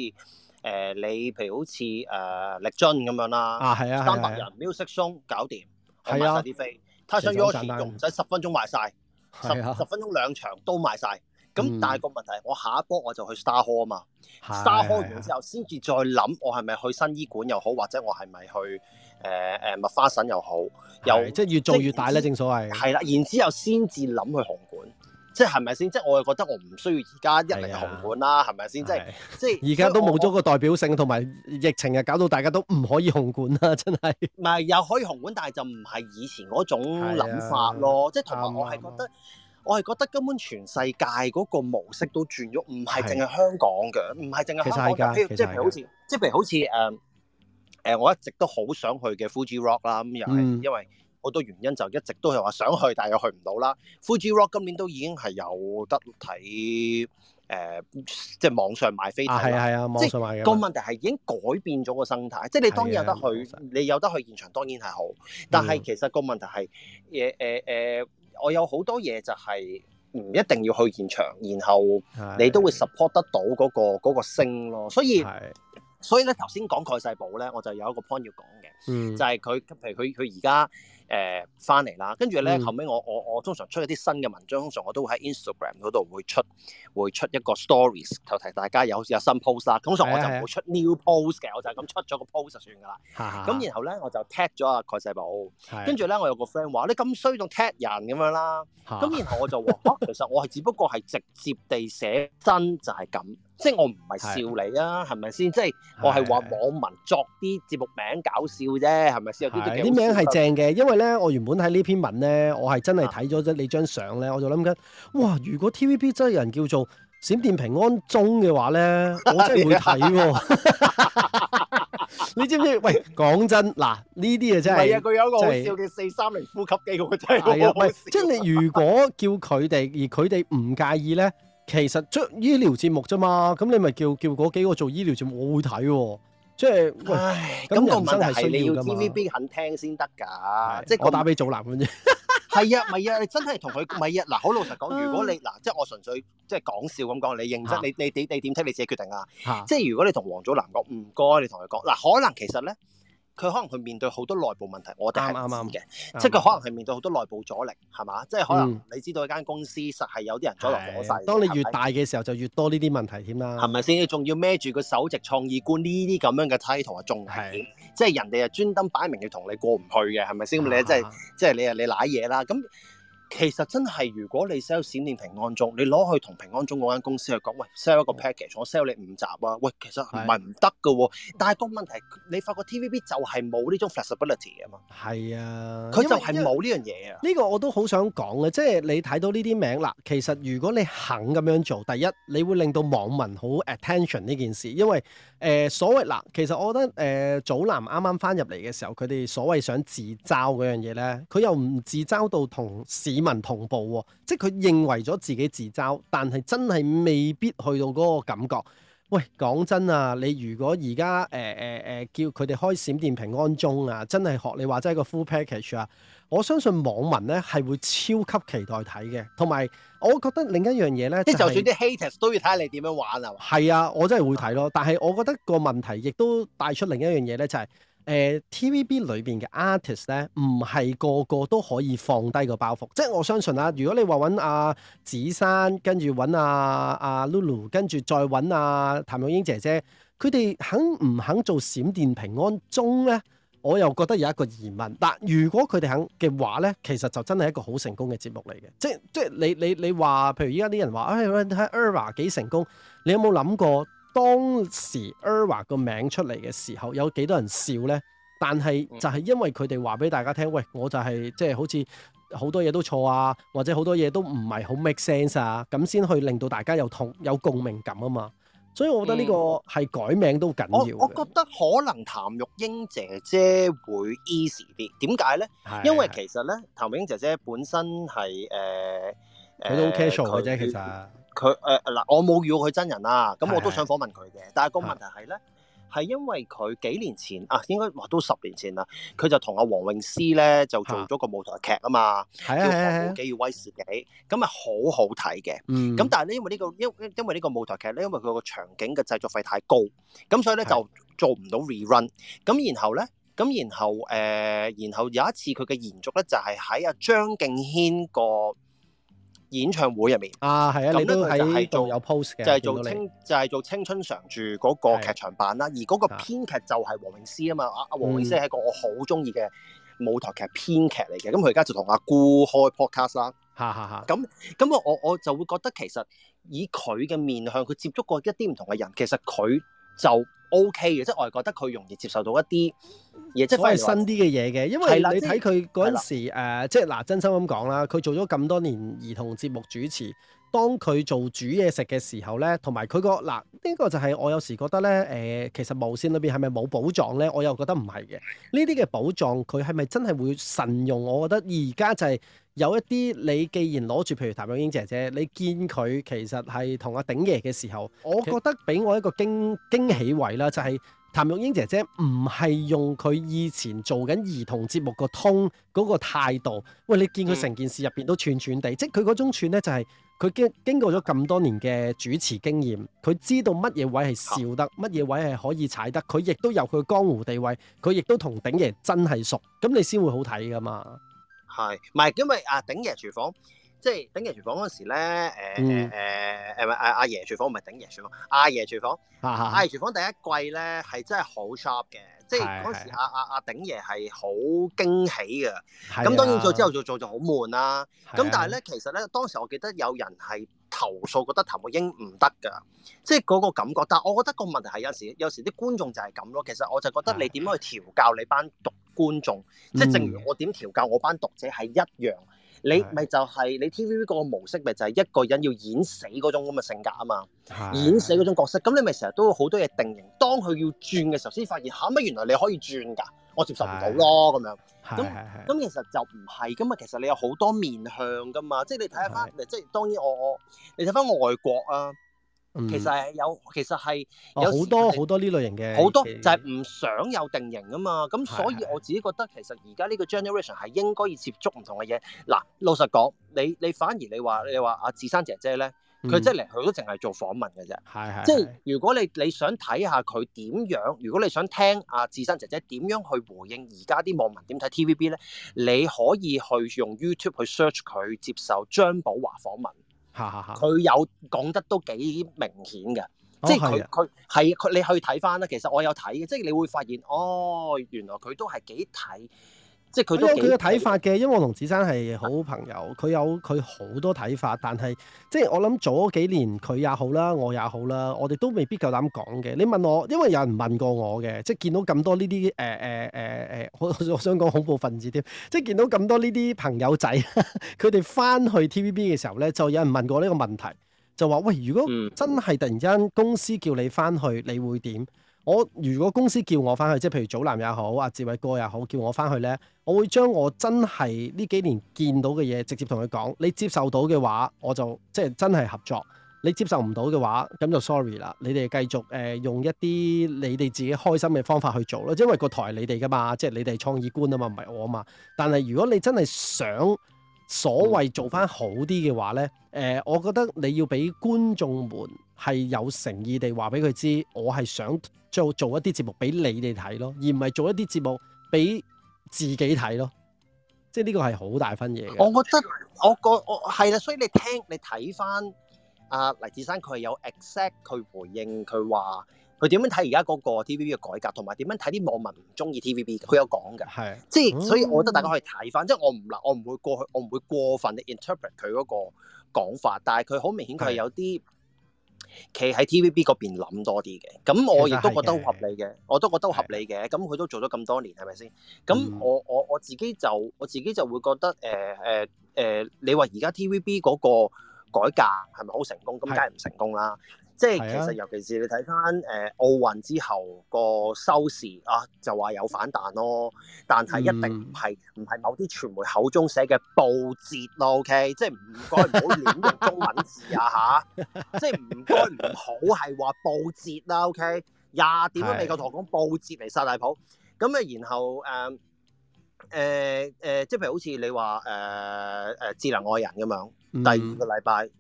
誒你，譬如好似誒力津咁樣啦。啊，係啊。三百人、music song 搞掂，我買曬啲飛。他想 y o u 用唔使十分鐘賣晒，十十分鐘兩場都賣晒。咁但係個問題，我下一波我就去 Star Hall 啊嘛。Star Hall 完之後，先至再諗我係咪去新醫館又好，或者我係咪去？誒誒麥花臣又好，又即係越做越大咧，正所謂。係啦，然之後先至諗去紅館，即係係咪先？即係我係覺得我唔需要而家一嚟紅館啦，係咪先？即係即係而家都冇咗個代表性，同埋疫情又搞到大家都唔可以紅館啦，真係。唔係又可以紅館，但係就唔係以前嗰種諗法咯。即係同埋我係覺得，我係覺得根本全世界嗰個模式都轉咗，唔係淨係香港嘅，唔係淨係香港嘅。全即係譬如好似，即係譬如好似誒。誒，我一直都好想去嘅 Fuji Rock 啦，咁又係，因為好多原因、嗯、就一直都係話想去，但係又去唔到啦。Fuji Rock 今年都已經係有得睇，誒、呃、即係網上買飛啦。係啊係啊，網上買嘅、嗰個問題係已經改變咗個生態，即係你當然有得去，啊、你有得去現場當然係好，但係其實個問題係誒誒誒，我有好多嘢就係唔一定要去現場，然後你都會 support 得到嗰、嗰個嗰、嗰個星咯，所以。所以咧，頭先講蓋世寶咧，我就有一個 point 要講嘅，嗯、就係佢，譬如佢佢而家誒翻嚟啦，跟住咧後尾，我我我通常出一啲新嘅文章，通常我都會喺 Instagram 嗰度會出會出一個 stories。頭提大家有有新 post 啦，通常我就唔會出 new post 嘅，是啊是啊我就係咁出咗個 post 就算噶啦。咁、啊啊、然後咧我就 tag 咗阿蓋世寶，跟住咧我有個 friend 話你咁衰仲 tag 人咁樣啦，咁是、啊、然後我就話、 (laughs) 啊、其實我係只不過係直接地寫真就係、是、咁。即係我唔係笑你啊，係咪先？即係我係話網民作啲節目名搞笑啫，係咪先？有啲的名係正嘅，因為咧，我原本喺呢篇文咧，我係真係睇咗你張相咧，我就諗緊，哇！如果 TVB 真係有人叫做閃電平安鐘嘅話咧，我真係會睇喎。 (laughs) (laughs) 你知唔知？喂，講真，嗱呢啲嘢真係。係 (laughs) 啊，佢有個好笑嘅四三零呼吸機，我真係好啊。喂， (laughs) 即係你如果叫佢哋，而佢哋唔介意咧。其實做醫療節目啫嘛，咁你咪叫叫嗰幾個做醫療節目，我會睇喎，喔。即係，咁唉人生係需要嘅嘛。TVB 肯聽先得㗎，是即係我打俾祖藍咁啫。係 (laughs) 啊，唔係啊，你真係同佢唔係啊。嗱，好老實講，如果你嗱， (laughs) 即係我純粹即係講笑咁講，你認真，你你你你點聽你自己決定啊。 (laughs) 即係如果你同王祖藍講唔該，你同佢講嗱，可能其實咧。佢可能佢面對好多內部問題，我啱啱啱嘅，即係佢可能係面對好多內部阻力，係嘛？嗯、即係可能你知道一間公司實係有啲人阻落阻曬、嗯。當你越大嘅時候，吧就越多呢啲問題添啦，係咪先？你仲要孭住個首席創意官呢啲咁樣嘅 title 啊，仲係是，即係人哋啊專登擺明要同你過唔去嘅，係咪先？你真係，即係你啊，你賴嘢啦咁。其實真係，如果你 sell 閃電平安鐘，你攞去同平安鐘嗰間公司去講，喂 sell 一個 package，我 sell 你五集啊，喂，其實唔係唔得㗎喎。的但係個問題，你發覺 TVB 就係冇呢種 flexibility 啊嘛。係啊，佢就係冇呢樣嘢啊。呢、這個、個我都好想講嘅，即、就、係、是、你睇到呢啲名啦。其實如果你肯咁樣做，第一你會令到網民好 attention 呢件事，因為誒、呃、所謂嗱，其實我覺得誒祖藍啱啱返入嚟嘅時候，佢哋所謂想自嘲嗰樣嘢咧，佢又唔自嘲到同市。市民同步，即係佢認為咗自己自嘲，但係真係未必去到嗰個感覺。喂，講真啊，你如果而家誒誒誒叫佢哋開閃電平安鐘啊，真係學你話齋個 full package 啊，我相信網民咧係會超級期待睇嘅。同埋，我覺得另一樣嘢咧，即就算啲 haters 都要睇下你點樣玩啊。係啊，我真係會睇咯。嗯，但係我覺得個問題亦都帶出另一樣嘢咧，就係。誒 TVB 裏邊嘅 artist 咧，唔係、呃、個個都可以放低個包袱，即係我相信啊，如果你話揾阿子珊，跟住揾阿、啊、阿、啊、Lulu，跟住再揾阿、啊、譚玉英姐姐，佢哋肯唔肯做閃電平安鐘咧？我又覺得有一個疑問。嗱，如果佢哋肯嘅話咧，其實就真係一個好成功嘅節目嚟嘅。即即係你你你話，譬如依家啲人話，誒、哎、睇 ERA 幾成功，你有冇諗過？當時 ERA 個名出嚟嘅時候，有幾多人笑呢？但係就係因為佢哋話俾大家聽，嗯、喂，我就係即係好似好多嘢都錯啊，或者好多嘢都唔係好 make sense 啊，咁先去令到大家有同有共鳴感啊嘛。所以，我覺得呢個係改名都緊要、嗯我。我覺得可能譚玉英姐姐會 easy 啲。點解呢？的因為其實呢，譚玉英姐姐本身係誒誒，佢都好 casual 嘅啫，其實。佢誒嗱，我冇遇到佢真人啦，咁我都想訪問佢嘅，的但係個問題係咧，係的因為佢幾年前啊，應該話都十年前啦，佢就同阿黃詠詩咧就做咗個舞台劇啊嘛，是的是的叫《唐伯虎與威士忌》，咁咪好好睇嘅。嗯。咁但係咧、這個，因為呢個因因因為呢個舞台劇咧，因為佢個場景嘅製作費太高，咁所以咧就做唔到 rerun。咁然後咧，咁然後誒、呃，然後有一次佢嘅延續咧，就係喺阿張敬軒個演唱會入面啊，係啊，咁咧就係做有 p o s e 嘅，就係做青就係做青春常駐嗰個劇場版啦。的而嗰個編劇就係黃詠詩啊嘛，阿阿黃詠詩係一個我好中意嘅舞台劇編劇嚟嘅。咁佢而家就同阿姑開 podcast 啦。哈哈哈。咁咁我我就會覺得其實以佢嘅面向，佢接觸過一啲唔同嘅人，其實佢。就 OK 嘅，即係我係覺得佢容易接受到一啲，即係可能新啲嘅嘢嘅，因為你睇佢嗰陣時，誒的，即係嗱，的真心咁講啦，佢做咗咁多年兒童節目主持。當佢做煮嘢食嘅時候呢，同埋佢個嗱呢個就係我有時覺得呢，誒、呃、其實無線裏邊係咪冇寶藏呢？我又覺得唔係嘅。呢啲嘅寶藏佢係咪真係會慎用？我覺得而家就係有一啲你既然攞住，譬如譚玉瑛姐姐，你見佢其實係同阿鼎爺嘅時候，我覺得俾我一個驚驚喜位啦、就是，就係。譚玉英姐姐唔係用佢以前做緊兒童節目個 tone 嗰個態度，喂，你見佢成件事入邊都串串地，即係佢嗰種串呢，就係佢經經過咗咁多年嘅主持經驗，佢知道乜嘢位係笑得，乜嘢位係可以踩得，佢亦都有佢江湖地位，佢亦都同鼎爺真係熟，咁你先會好睇噶嘛。係，唔係因為啊鼎爺廚房。即係鼎爺廚房嗰時咧，誒誒誒，唔係阿阿爺廚房，唔係鼎爺廚房，阿爺廚房，阿爺廚房第一季咧係真係好 sharp 嘅，啊、即係嗰時阿阿阿鼎爺係好驚喜嘅，咁、啊、當然做之後做做就好悶啦、啊。咁、啊、但係咧，其實咧，當時我記得有人係投訴覺得譚詠麟唔得㗎，即係嗰個感覺。但係我覺得個問題係有時有時啲觀眾就係咁咯。其實我就覺得你點樣去調教你班讀觀眾，啊啊啊、即係正如我點調教我班讀者係一樣。你咪就係、是、你 TVB 個模式咪就係一個人要演死嗰種咁嘅性格啊嘛， (music) 演死嗰種角色，咁你咪成日都有好多嘢定型，當佢要轉嘅時候先發現嚇，乜、啊、原來你可以轉㗎，我接受唔到咯咁樣，咁咁 (music) 其實就唔係噶嘛，其實你有好多面向噶嘛，即係你睇下返， (music) 即係當然我我你睇返外國啊。其實係有，其實係有好、哦、多好多呢類型嘅，好多就係唔想有定型啊嘛。咁所以我自己覺得其實而家呢個 generation 係應該要接觸唔同嘅嘢。嗱，老實講，你你反而你話你話阿、啊、芷珊姐姐咧，佢真係佢、嗯、都淨係做訪問嘅啫。係係是，即係如果你你想睇下佢點樣，如果你想聽阿、啊、芷珊姐姐點樣去回應而家啲網民點睇 TVB 咧，你可以去用 YouTube 去 search 佢接受張寶華訪問。佢有講得都幾明顯嘅，哦、即係佢佢係佢你去睇翻啦。其實我有睇嘅，即係你會發現哦，原來佢都係幾睇。即係佢，因為佢嘅睇法嘅，因為我同子珊係好朋友，佢有佢好多睇法，但係即係我諗早幾年佢也好啦，我也好啦，我哋都未必夠膽講嘅。你問我，因為有人問過我嘅，即係見到咁多呢啲誒誒誒誒，我我想講恐怖分子添，即係見到咁多呢啲朋友仔，佢哋翻去 TVB 嘅時候咧，就有人問過呢個問題，就話喂，如果真係突然間公司叫你翻去，你會點？我如果公司叫我翻去，即係譬如祖藍也好，阿志偉哥也好，叫我翻去咧，我會將我真係呢幾年見到嘅嘢直接同佢講。你接受到嘅話，我就即係真係合作；你接受唔到嘅話，咁就 sorry 啦。你哋繼續誒、呃、用一啲你哋自己開心嘅方法去做囉，因為個台係你哋㗎嘛，即係你哋創意官啊嘛，唔係我啊嘛。但係如果你真係想，所謂做翻好啲嘅話呢，誒、呃，我覺得你要俾觀眾們係有誠意地話俾佢知，我係想做做一啲節目俾你哋睇咯，而唔係做一啲節目俾自己睇咯。即係呢個係好大分嘢嘅。我覺得我個我係啦，所以你聽你睇翻阿黎智山佢係有 accept 佢回應佢話。佢點樣睇而家嗰個 TVB 嘅改革，同埋點樣睇啲網民唔中意 TVB？佢有講嘅，係、嗯、即係，所以我覺得大家可以睇翻。即係、嗯、我唔嗱，我唔會過去，我唔會過分地 interpret 佢嗰個講法。但係佢好明顯，佢係有啲企喺 TVB 嗰邊諗多啲嘅。咁我亦都覺得好合理嘅，我都覺得好合理嘅。咁佢的的都做咗咁多年，係咪先？咁我我我自己就我自己就會覺得誒誒誒，你話而家 TVB 嗰個改革係咪好成功？咁梗係唔成功啦。即係其實，尤其是你睇翻誒奧運之後個收視啊，就話有反彈咯。但係一定唔係唔係某啲傳媒口中寫嘅報捷咯。O、okay? K，即係唔該唔好亂用中文字啊嚇、 (laughs) 啊！即係唔該唔好係話報捷啦。O K，廿點都未夠，同我講報捷嚟殺大浦。咁啊的，然後誒誒誒，即係譬如好似你話誒誒智能愛人咁樣，嗯、第二個禮拜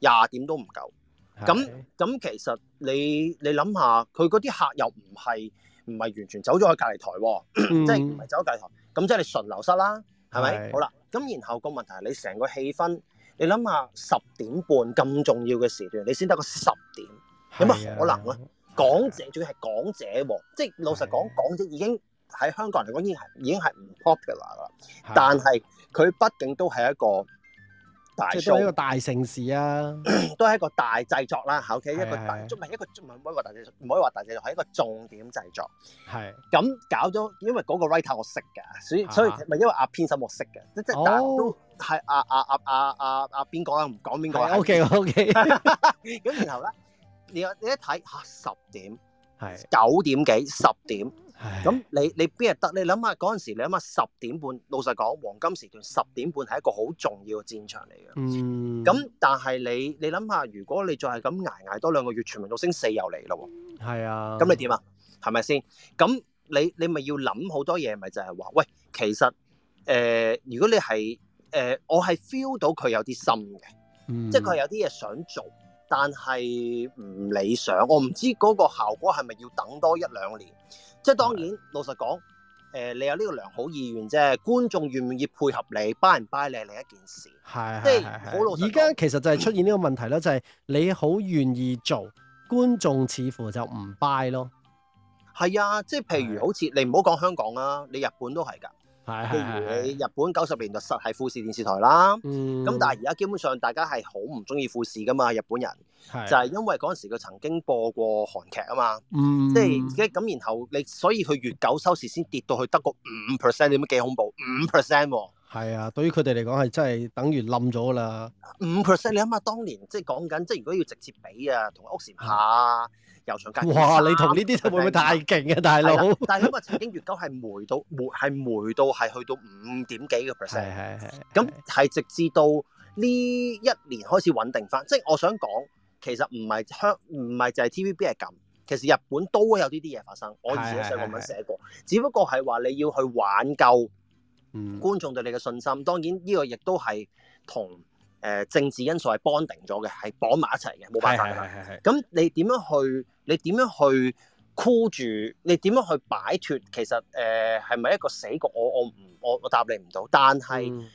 廿點都唔夠。咁咁、嗯、其實你你諗下，佢嗰啲客又唔係唔係完全走咗去隔離台喎、嗯， (coughs) 即係唔係走咗隔離台？咁即係你純流失啦，係咪？是好啦，咁然後個問題係你成個氣氛，你諗下十點半咁重要嘅時段，你先得個十點，有乜可能咧？啊啊啊、港姐主要係港姐、啊，即係老實講，啊、港姐已經喺香港人嚟講已經係已經係唔 popular 啦，啊、但係佢畢竟都係一個。即係都係一個大城市啊，都係一個大製作啦。O K，一個大唔係一個唔可以話大製作，唔可以話大製作係一個重點製作。係咁搞咗，因為嗰個 writer 我識嘅，所以所以咪因為阿編審我識嘅，即即係都係阿阿阿阿阿邊個咧？唔講邊個。O K O K。咁然後咧，然後你一睇吓十點，係九點幾十點，咁唉你你邊係得？你諗下嗰陣時，你諗下十點半。老實講，黃金時段十點半係一個好重要嘅戰場嚟嘅。咁、嗯、但係你你諗下，如果你再係咁捱捱多兩個月，全民造星四又嚟咯，係啊。咁你點啊？係咪先？咁你你咪要諗好多嘢，咪就係、是、話喂，其實誒、呃，如果你係誒、呃，我係 feel 到佢有啲心嘅，嗯、即係佢有啲嘢想做，但係唔理想。我唔知嗰個效果係咪要等多一兩年。即係當然，老實講，誒、呃，你有呢個良好意願啫。觀眾願唔願意配合你 buy 唔 buy 你係另一件事。係係係。而家其實就係出現呢個問題啦，就係、是、你好願意做，觀眾似乎就唔 buy 咯。係啊，即係譬如好似你唔好講香港啦、啊，你日本都係㗎。係，譬如你日本九十年代實係富士電視台啦，咁、嗯、但係而家基本上大家係好唔中意富士㗎嘛，日本人是就係因為嗰陣時佢曾經播過韓劇啊嘛，嗯、即係咁，然後你所以佢月九收視先跌到去得個五 percent，你都幾恐怖？五 percent 喎，係啊，啊，對於佢哋嚟講係真係等於冧咗啦。五 percent，你諗下當年即係講緊，即係如果要直接比啊，同屋檐下。嗯哇！又你同呢啲就會唔會太勁啊，大佬？ (laughs) 但係因為曾經月九係霉到黴係霉到係去到五點幾個 percent，係係咁係直至到呢一年開始穩定返，即係我想講，其實唔係香，唔係就係 TVB 係咁，其實日本都會有呢啲嘢發生。我以前寫過文寫過，只不過係話你要去挽救觀眾對你嘅信心。當然呢個亦都係同。誒、呃、政治因素係 bonding 咗嘅，係綁埋一齊嘅，冇辦法嘅。係係係咁你點樣去？你點樣去箍住？你點樣去擺脱？其實誒係咪一個死局？我我唔我我答你唔到。但係、嗯、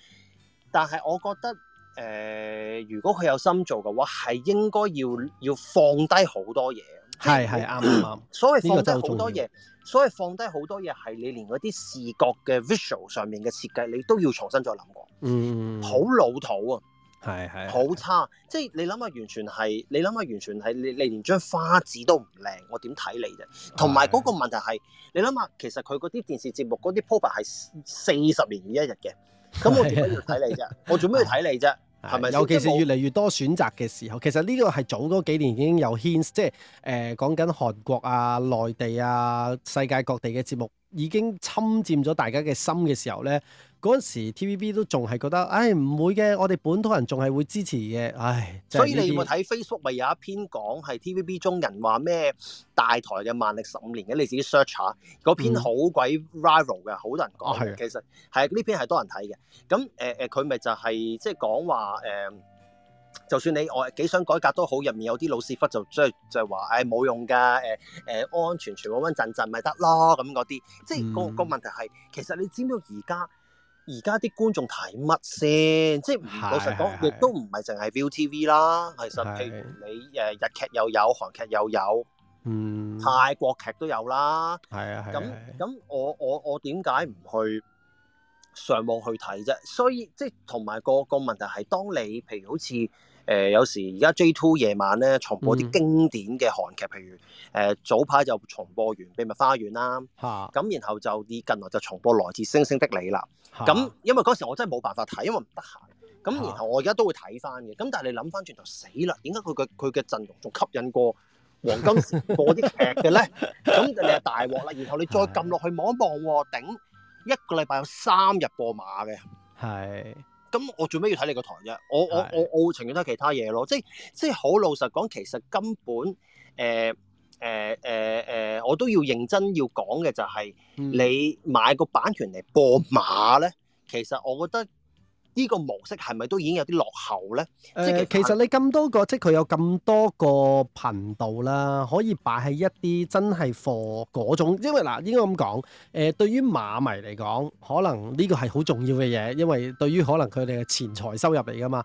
但係，我覺得誒、呃，如果佢有心做嘅話，係應該要要放低好多嘢。係係啱啱。所謂放低好多嘢，所謂放低好多嘢係你連嗰啲視覺嘅 visual 上面嘅設計，你都要重新再諗過。嗯，好老土啊！係係好差，即係你諗下，完全係你諗下，完全係你你連張花紙都唔靚，我點睇你啫？同埋嗰個問題係，你諗下，其實佢嗰啲電視節目嗰啲 program 係四十年如一日嘅，咁我做咩要睇你啫？我做咩要睇你啫？係咪，尤其是越嚟越多選擇嘅時候，其實呢個係早嗰幾年已經有 hint，即係誒講緊韓國啊、內地啊、世界各地嘅節目已經侵佔咗大家嘅心嘅時候咧。嗰陣時 TVB 都仲係覺得，唉唔會嘅，我哋本土人仲係會支持嘅，唉。所以你有冇睇 Facebook 咪有一篇講係 TVB 中人話咩大台嘅萬曆十五年嘅？你自己 search 下，嗰篇好鬼 rival 嘅，好、嗯、多人講。係、啊。其實係呢篇係多人睇嘅。咁誒誒，佢、呃、咪就係即係講話誒，就算你我幾想改革都好，入面有啲老屎忽就即係就係話，唉、哎、冇用噶，誒、呃、誒，安安全全穩穩陣陣咪得咯咁嗰啲。那那嗯、即係個個問題係，其實你知唔知而家？而家啲觀眾睇乜先？即係唔老實講，亦是都唔係淨係 ViuTV 啦。其實是是 譬如你誒日劇又有，韓劇又有，嗯，泰國劇都有啦。係啊是，係。咁咁，我我我點解唔去上網去睇啫？所以即係同埋個個問題係，當你譬如好似。誒、呃、有時而家 J2 夜晚咧重播啲經典嘅韓劇，譬如誒、呃、早排就重播完《秘密花園》啦、啊，咁然後就以近來就重播《來自星星的你》啦。咁、啊啊啊、因為嗰時我真係冇辦法睇，因為唔得閒。咁然後我而家都會睇翻嘅。咁但係你諗翻轉頭死啦，點解佢嘅佢嘅陣容仲吸引過黃金時播啲劇嘅咧？咁、 (laughs) 嗯、你係大鑊啦。然後你再撳落去望一望喎，頂，一個禮拜有三日播馬嘅。係。 (laughs) (laughs) 咁我做咩要睇你個台啫？我我我我會情願睇其他嘢咯。即係即係好老實講，其實根本誒誒誒誒，我都要認真要講嘅就係、是嗯、你買個版權嚟播馬咧。其實我覺得。呢個模式係咪都已經有啲落後咧？誒、呃，其實你咁多個，即係佢有咁多個頻道啦，可以擺喺一啲真係貨嗰種，因為嗱、呃，應該咁講，誒、呃，對於馬迷嚟講，可能呢個係好重要嘅嘢，因為對於可能佢哋嘅錢財收入嚟㗎嘛。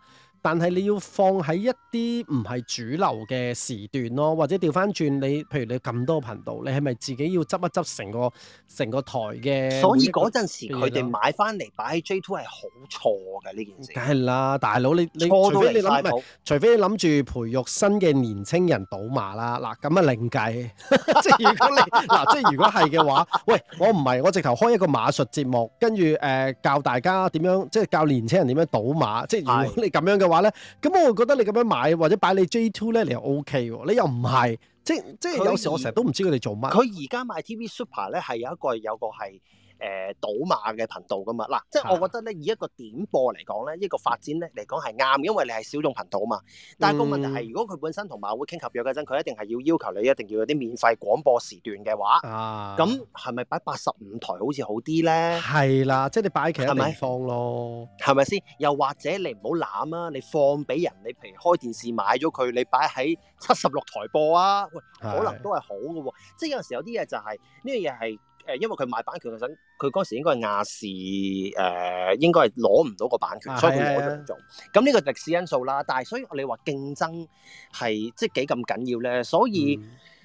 但係你要放喺一啲唔係主流嘅時段咯，或者調翻轉你，譬如你咁多頻道，你係咪自己要執一執成個成個台嘅？所以陣時佢哋買翻嚟擺喺 J2 係好錯嘅呢件事。梗係啦，大佬你你，除非你諗唔係，除非你諗住培育新嘅年青人賭馬啦嗱，咁啊另計， (laughs) (laughs) 即係如果你嗱、啊，即係如果係嘅話，喂，我唔係我直頭開一個馬術節目，跟住誒教大家點樣即係教年青人點樣賭馬，即係如果你咁樣嘅話。 (laughs) 咁我會覺得你咁樣買或者擺你 J2 咧，你又 OK 喎，你又唔係，即係即係有時我成日都唔知佢哋做乜。佢而家買 TV Super 咧，係有一個有一個係。誒、呃、賭馬嘅頻道㗎嘛，嗱，即係我覺得咧，以一個點播嚟講咧，呢個發展咧嚟講係啱，因為你係小眾頻道嘛。但係個問題係，嗯、如果佢本身同馬會傾合約嘅陣，佢一定係要要求你一定要有啲免費廣播時段嘅話，咁係咪擺八十五台好似好啲咧？係啦，即係你擺其他地方咯，係咪先？又或者你唔好攬啊，你放俾人，你譬如開電視買咗佢，你擺喺七十六台播啊，喂的可能都係好嘅喎、啊。即係有時有啲嘢就係呢樣嘢係。誒，因為佢買版權，佢佢嗰時應該係亞視，誒、呃、應該攞唔到個版權，所以佢攞咗嚟做。咁呢個歷史因素啦，但係所以你話競爭係即係幾咁緊要咧？所以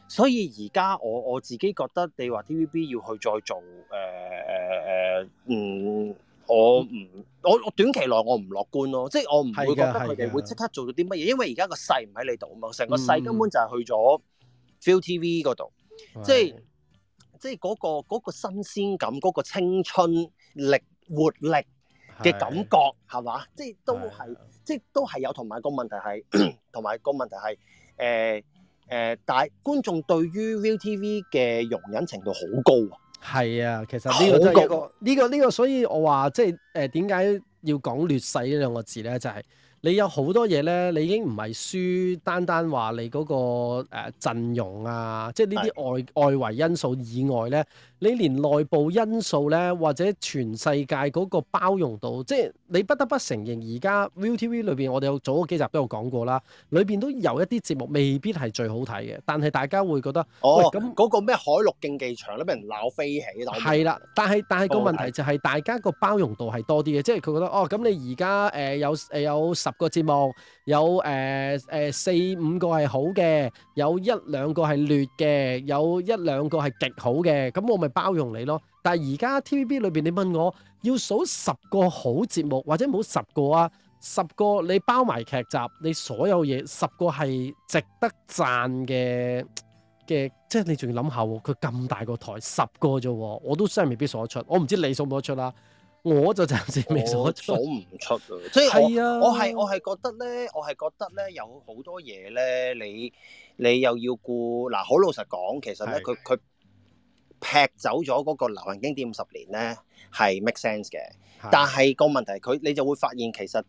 所以而家我我自己覺得，你話 TVB 要去再做誒誒誒，嗯，我唔我我短期內我唔樂觀咯，即係我唔會覺得佢哋會即刻做到啲乜嘢，因為而家個勢唔喺你度啊嘛，成個勢根本就係去咗 ViuTV 嗰度，即係。 (music) 即係、那、嗰、個那個新鮮感，嗰、那個青春力活力嘅感覺，係嘛是？即係都係，的即係都係有。同埋個問題係，同埋 (coughs) 個問題係，誒、呃、誒，但係、呃、觀眾對於 ViuTV 嘅容忍程度好高啊！係啊，其實呢個都係一個呢個呢個，高這個這個、所以我話即係誒點解要講劣勢呢兩個字咧，就係、是。你有好多嘢咧，你已經唔係輸單單話你嗰個誒陣容啊，即係呢啲外的外圍因素以外咧。你連內部因素咧，或者全世界嗰個包容度，即係你不得不承認，而家 ViuTV 裏邊，我哋有早嗰幾集都有講過啦，裏邊都有一啲節目未必係最好睇嘅，但係大家會覺得哦，咁嗰個咩海陸競技場都俾人鬧飛起啦，係啦，但係但係個問題就係大家個包容度係多啲嘅，即係佢覺得哦，咁你而家誒有誒有十個節目，有誒誒四五個係好嘅，有一兩個係劣嘅，有一兩個係極好嘅，咁我咪包容你咯，但係而家 TVB 裏邊，你問我要數十個好節目，或者冇十個啊，十個你包埋劇集，你所有嘢十個係值得讚嘅嘅，即係你仲要諗下喎，佢咁大個台十個啫喎，我都真係未必數得出，我唔知你數唔得出啦，我就暫時未數得出，數唔出 (laughs) 我啊，所以係啊，我係我係覺得咧，我係覺得咧有好多嘢咧，你你又要顧嗱，好老實講，其實咧佢佢。的劈走咗嗰個流行經典五十年呢，係 make sense 嘅。的但係個問題，佢你就會發現其實，誒、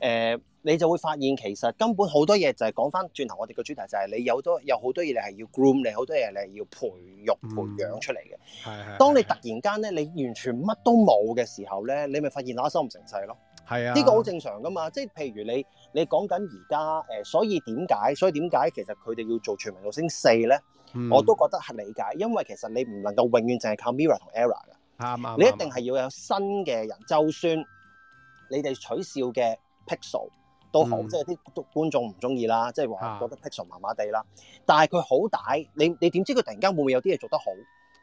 呃，你就會發現其實根本好多嘢就係、是、講翻轉頭，我哋個主題就係、是、你有多有好多嘢你係要 groom，你好多嘢你係要培育培養出嚟嘅。係係、嗯。當你突然間咧，你完全乜都冇嘅時候咧，你咪發現拉收唔成世咯。係啊的。呢個好正常噶嘛。即係譬如你你講緊而家誒，所以點解？所以點解其實佢哋要做全民造星四咧？我都覺得係理解，因為其實你唔能夠永遠淨係靠 Mirror 同 Era 㗎，是吧 你一定係要有新嘅人。就算是吧 你哋取笑嘅 Pixel 都好，嗯、即係啲觀眾唔中意啦，即係話覺得 Pixel 麻麻地啦，是吧 但係佢好大，你你點知佢突然間會唔會有啲嘢做得好？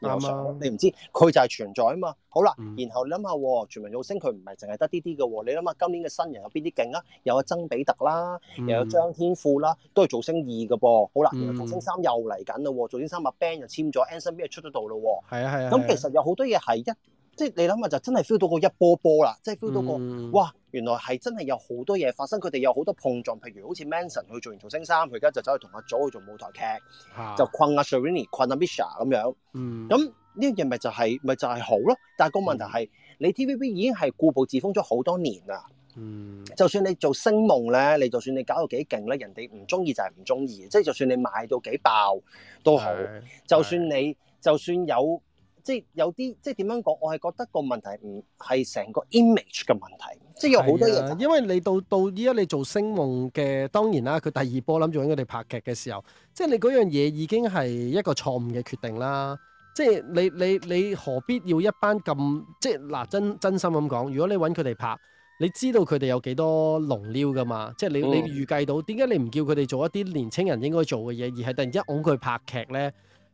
你唔知佢就係存在啊嘛。好啦，嗯、然後你諗下喎，全民造星佢唔係淨係得啲啲嘅喎。你諗下今年嘅新人有邊啲勁啊？有阿曾比特啦，嗯、又有張天賦啦，都係造星二嘅噃。好啦，造星三又嚟緊啦喎，造星三把 band 又簽咗 Anson、嗯、又出咗道啦喎。係啊係啊，咁、啊啊啊、其實有好多嘢係一。即係你諗下，就真係 feel 到個一波波啦！即係 feel 到個、嗯、哇，原來係真係有好多嘢發生，佢哋有好多碰撞。譬如好似 Manson 去做完《造星三，佢而家就走去同阿祖去做舞台劇，啊、就困阿 Shirley、困阿 Misha 咁樣。咁呢樣咪就係、是、咪就係好咯？但係個問題係，嗯、你 TVB 已經係固步自封咗好多年啦。嗯，就算你做星夢咧，你就算你搞到幾勁咧，人哋唔中意就係唔中意。即係就算你買到幾爆都好，好就算你就算有。即係有啲即係點樣講？我係覺得個問題唔係成個 image 嘅問題，即係有好多嘢、啊。因為你到到依家你做星夢嘅，當然啦，佢第二波諗住揾佢哋拍劇嘅時候，即係你嗰樣嘢已經係一個錯誤嘅決定啦。即係你你你何必要一班咁即係嗱真真心咁講？如果你揾佢哋拍，你知道佢哋有幾多龍鷄噶嘛？即係你你預計到點解你唔叫佢哋做一啲年青人應該做嘅嘢，而係突然之間揾佢拍劇咧？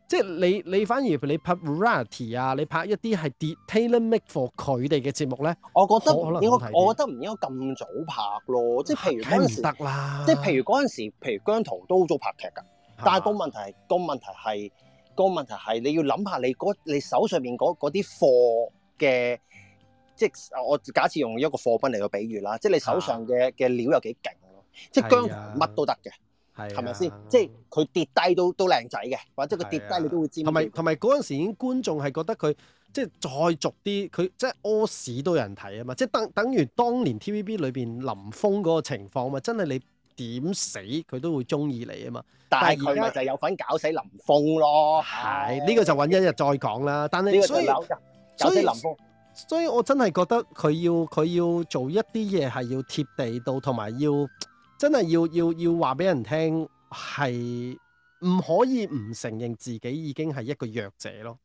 即係你你反而你拍 variety 啊，你拍一啲係 detail i、er、make for 佢哋嘅節目咧，我覺得應該，我覺得唔應該咁早拍咯。即係譬如嗰陣時得啦。即係譬如嗰陣時，譬如姜濤都好早拍劇㗎。但係個問題係個、啊、問題係個問題係你要諗下你你手上面嗰啲貨嘅，即係我假設用一個貨品嚟做比喻啦。即係你手上嘅嘅、啊、料有幾勁咯。即係姜濤乜、啊、都得嘅。係，係咪先？ (music) 即係佢跌低都都靚仔嘅，或者佢跌低你都會知，啊。同埋同埋嗰陣時已經觀眾係覺得佢即係再俗啲，佢即係屙屎都有人睇啊嘛！即係等等於當年 TVB 裏邊林峯嗰個情況嘛！真係你點死佢都會中意你啊嘛！但係佢咪就有份搞死林峯咯。係呢個就揾一日再講啦。但係所以所以林峯，所以我真係覺得佢要佢要，要做一啲嘢係要貼地到，同埋要。真係要要要話俾人聽，係唔可以唔承認自己已經係一個弱者咯。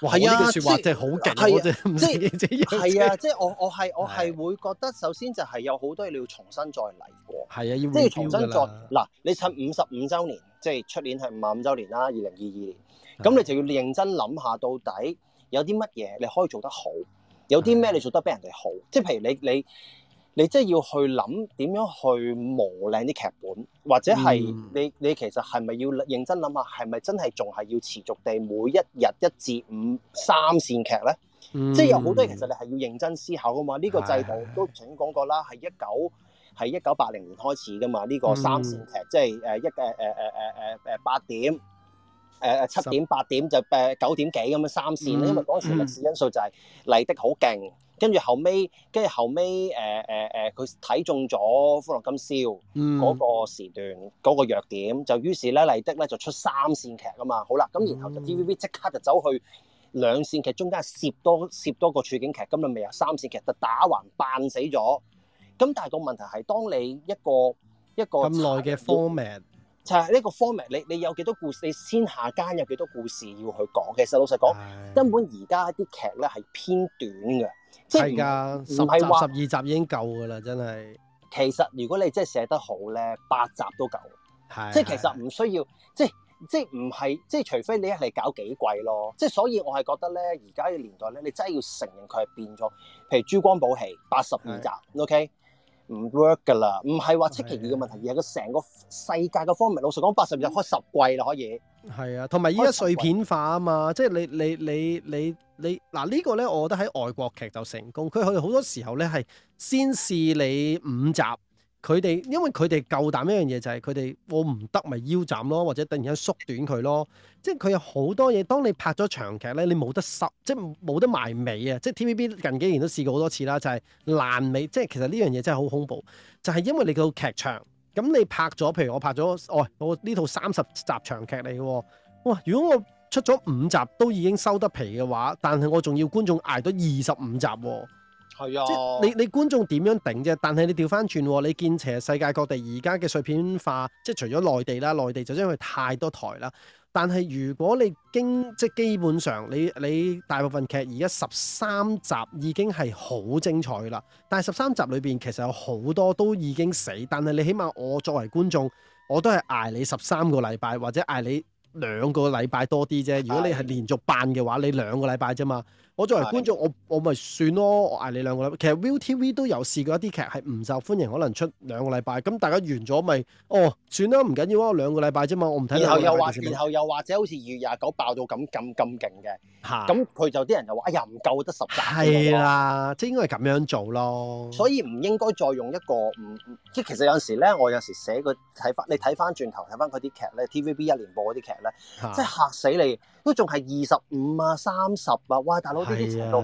係啊，即係好勁，即係即係係啊！即係我、啊就是、我係我係會覺得，首先就係有好多嘢你要重新再嚟過。係啊，要即係重新再嗱了，你趁五十五周年，即係出年係五十五周年啦，二零二二年，咁你就要認真諗下到底有啲乜嘢你可以做得好，有啲咩你做得比人哋好，即係譬如你你。你你你你即係要去諗點樣去磨靚啲劇本，或者係你你其實係咪要認真諗下，係咪真係仲係要持續地每一日一至五三線劇咧？即係、啊、有好多嘢其實你係要認真思考噶嘛。呢個制度都曾經講過啦，係一九係一九八零年開始噶嘛。呢個三線劇即係誒一誒誒誒誒誒誒八點誒誒七點八點就誒九點幾咁樣三線咧。因為嗰陣時歷史因素就係嚟得好勁。跟住後尾，跟住後尾，誒誒誒，佢、欸、睇、欸、中咗《歡樂今宵》嗰、那個時段嗰、嗯、個弱點，就於是咧麗的咧就出三線劇啊嘛。好啦，咁然後就 T.V.B. 即刻就走去兩線劇中間攝多攝多個處境劇。咁你未有三線劇就打橫扮死咗。咁但係個問題係，當你一個一個咁耐嘅 format 就係呢個 format，你你有幾多故事？你先下間有幾多故事要去講？其實老實講，是根本而家啲劇咧係偏短嘅。係噶，十十二集已經夠噶啦，真係。其實如果你真係寫得好呢，八集都夠。係，是的 即係其實唔需要，即係即係唔係，即係除非你係搞幾季咯。即係所以我係覺得呢，而家嘅年代呢，你真係要承認佢係變咗，譬如《珠光寶氣》八十二集是的，OK。唔 work 噶啦，唔係話七期二嘅問題，的而係佢成個世界嘅方面。老實講，八十日開十季啦，可以係啊，同埋依家碎片化啊嘛，即係你你你你你嗱呢、個咧，我覺得喺外國劇就成功，佢去好多時候咧係先試你五集。佢哋，因為佢哋夠膽一樣嘢就係佢哋，我唔得咪腰斬咯，或者突然間縮短佢咯。即係佢有好多嘢，當你拍咗長劇咧，你冇得收，即係冇得埋尾啊！即係 TVB 近幾年都試過好多次啦，就係、是、爛尾。即係其實呢樣嘢真係好恐怖，就係、是、因為你個劇長，咁你拍咗，譬如我拍咗、哎，我呢套三十集長劇嚟嘅喎，哇！如果我出咗五集都已經收得皮嘅話，但係我仲要觀眾捱到二十五集喎、啊。係啊，即你你觀眾點樣頂啫？但係你調翻轉，你見其實世界各地而家嘅碎片化，即係除咗內地啦，內地就因為太多台啦。但係如果你經即基本上你，你你大部分劇而家十三集已經係好精彩啦。但係十三集裏邊其實有好多都已經死，但係你起碼我作為觀眾，我都係挨你十三個禮拜，或者挨你兩個禮拜多啲啫。的如果你係連續辦嘅話，你兩個禮拜啫嘛。我作為觀眾，我我咪算咯，我嗌你兩個禮拜。其實 ViuTV 都有試過一啲劇係唔受歡迎，可能出兩個禮拜，咁大家完咗咪哦，算啦，唔緊要啊，兩個禮拜啫嘛，我唔睇。然後又或，然後又或者好似二月廿九爆到咁咁咁勁嘅，咁佢、啊、就啲人就話：哎呀，唔夠、啊、得十集。係啦，即係應該係咁樣做咯。所以唔應該再用一個唔即係其實有陣時咧，我有時寫個睇翻，你睇翻轉頭睇翻佢啲劇咧，TVB 一年播嗰啲劇咧，啊、即係嚇死你。都仲係二十五啊、三十啊，哇！大佬啲嘢程度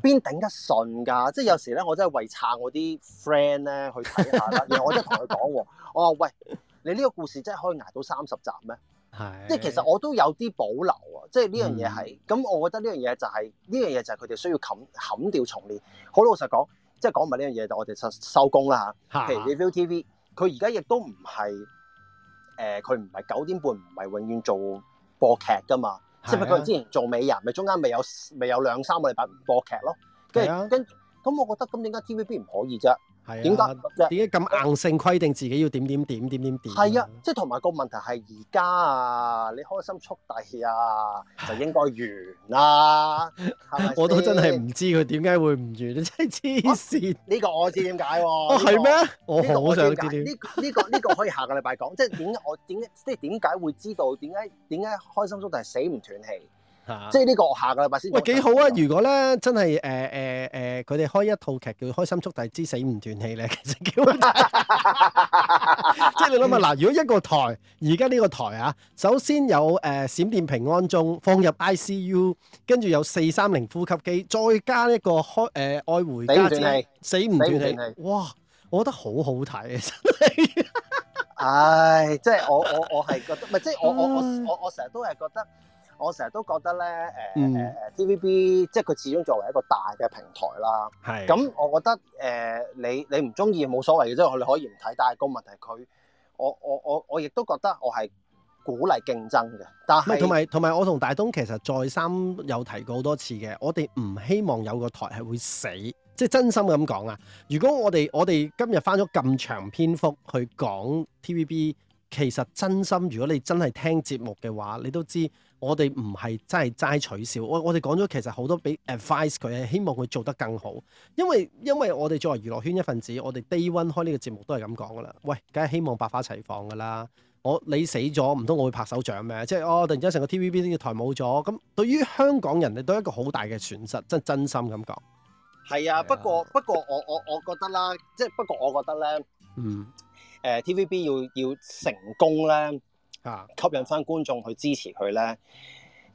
邊頂得順㗎？是啊、即係有時咧， (laughs) 我真係為撐我啲 friend 咧去睇下啦。然後我真係同佢講，我話：喂，你呢個故事真係可以捱到三十集咩？是啊、即係其實我都有啲保留啊。即係呢樣嘢係咁，嗯、我覺得呢樣嘢就係呢樣嘢就係佢哋需要砍砍掉重練。好老實講，即係講埋呢樣嘢，就我哋收工啦吓，譬如你 ViuTV，佢而家亦都唔係誒，佢唔係九點半，唔係永遠做播劇㗎嘛。即係佢之前做美人，咪、啊、中間未有未有兩三個禮拜播劇咯，跟住跟咁，後啊、我覺得咁點解 TVB 唔可以啫？係點解？點解咁硬性規定自己要點點點點點點，點、啊？係啊，即係同埋個問題係而家啊，你開心速遞啊，就應該完啦。我都真係唔知佢點解會唔完，你真係黐線。呢、啊這個我知點解喎？哦、這個，係咩、啊？我我想知點？呢呢、這個呢、這個這個可以下個禮拜講， (laughs) 即係點解我點解即係點解會知道點解點解開心速遞係死唔斷氣？即係呢個下個禮拜先。喂，幾好啊！如果咧真係誒誒誒，佢、呃、哋、呃呃、開一套劇叫《開心速遞之死唔斷氣》咧，其實叫。即係你諗下，嗱，如果一個台，而家呢個台啊，首先有誒、呃、閃電平安鐘放入 I C U，跟住有四三零呼吸機，再加一個開誒、呃、愛回家之死唔斷氣。死，死哇！我覺得好好睇，真係。唉、哎，即係我我我係覺得，唔即係我我我我我成日都係覺得。我成日都覺得咧，誒誒 TVB 即係佢始終作為一個大嘅平台啦。係。咁我覺得誒、呃、你你唔中意冇所謂嘅，即係我哋可以唔睇。但係個問題，佢我我我我亦都覺得我係鼓勵競爭嘅。但係同埋同埋，我同大東其實再三有提過好多次嘅，我哋唔希望有個台係會死。即係真心咁講啊！如果我哋我哋今日翻咗咁長篇幅去講 TVB，其實真心如果你真係聽節目嘅話，你都知。我哋唔係真係齋取笑，我我哋講咗其實好多俾 advice 佢，希望佢做得更好。因為因為我哋作為娛樂圈一份子，我哋 day one 開呢個節目都係咁講噶啦。喂，梗係希望百花齊放噶啦。我你死咗，唔通我會拍手掌咩？即係我、哦、突然之間成個 TVB 啲台冇咗，咁對於香港人，你都係一個好大嘅損失。真係真心咁講，係啊，啊不。不過不過，我我我覺得啦，即、就、係、是、不過我覺得咧，嗯，誒、呃、TVB 要要成功咧。啊、吸引翻觀眾去支持佢咧，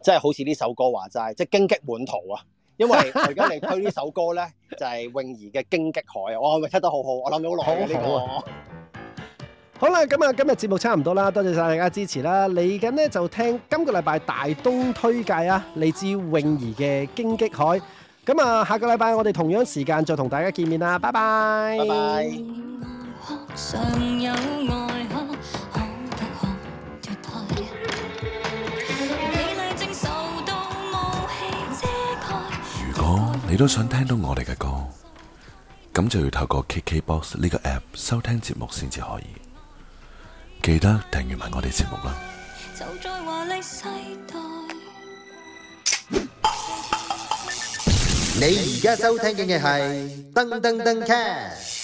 即係好似呢首歌話齋，即係荊棘滿途啊！因為而家你推呢首歌咧，就係泳兒嘅《荊棘海》 (laughs) 哦，是是嗯、我咪出得好好、啊，我諗你好耐冇好啦，咁啊，今日節目差唔多啦，多謝晒大家支持啦。嚟緊咧就聽今個禮拜大東推介啊，嚟自泳兒嘅《荊棘海》。咁啊，下個禮拜我哋同樣時間再同大家見面啦，拜拜。Bye bye. Bye bye. 你都想聽到我哋嘅歌，咁就要透過 KKBox 呢個 app 收聽節目先至可以。記得訂閱埋我哋節目啦！你而家收聽嘅係噔噔噔 c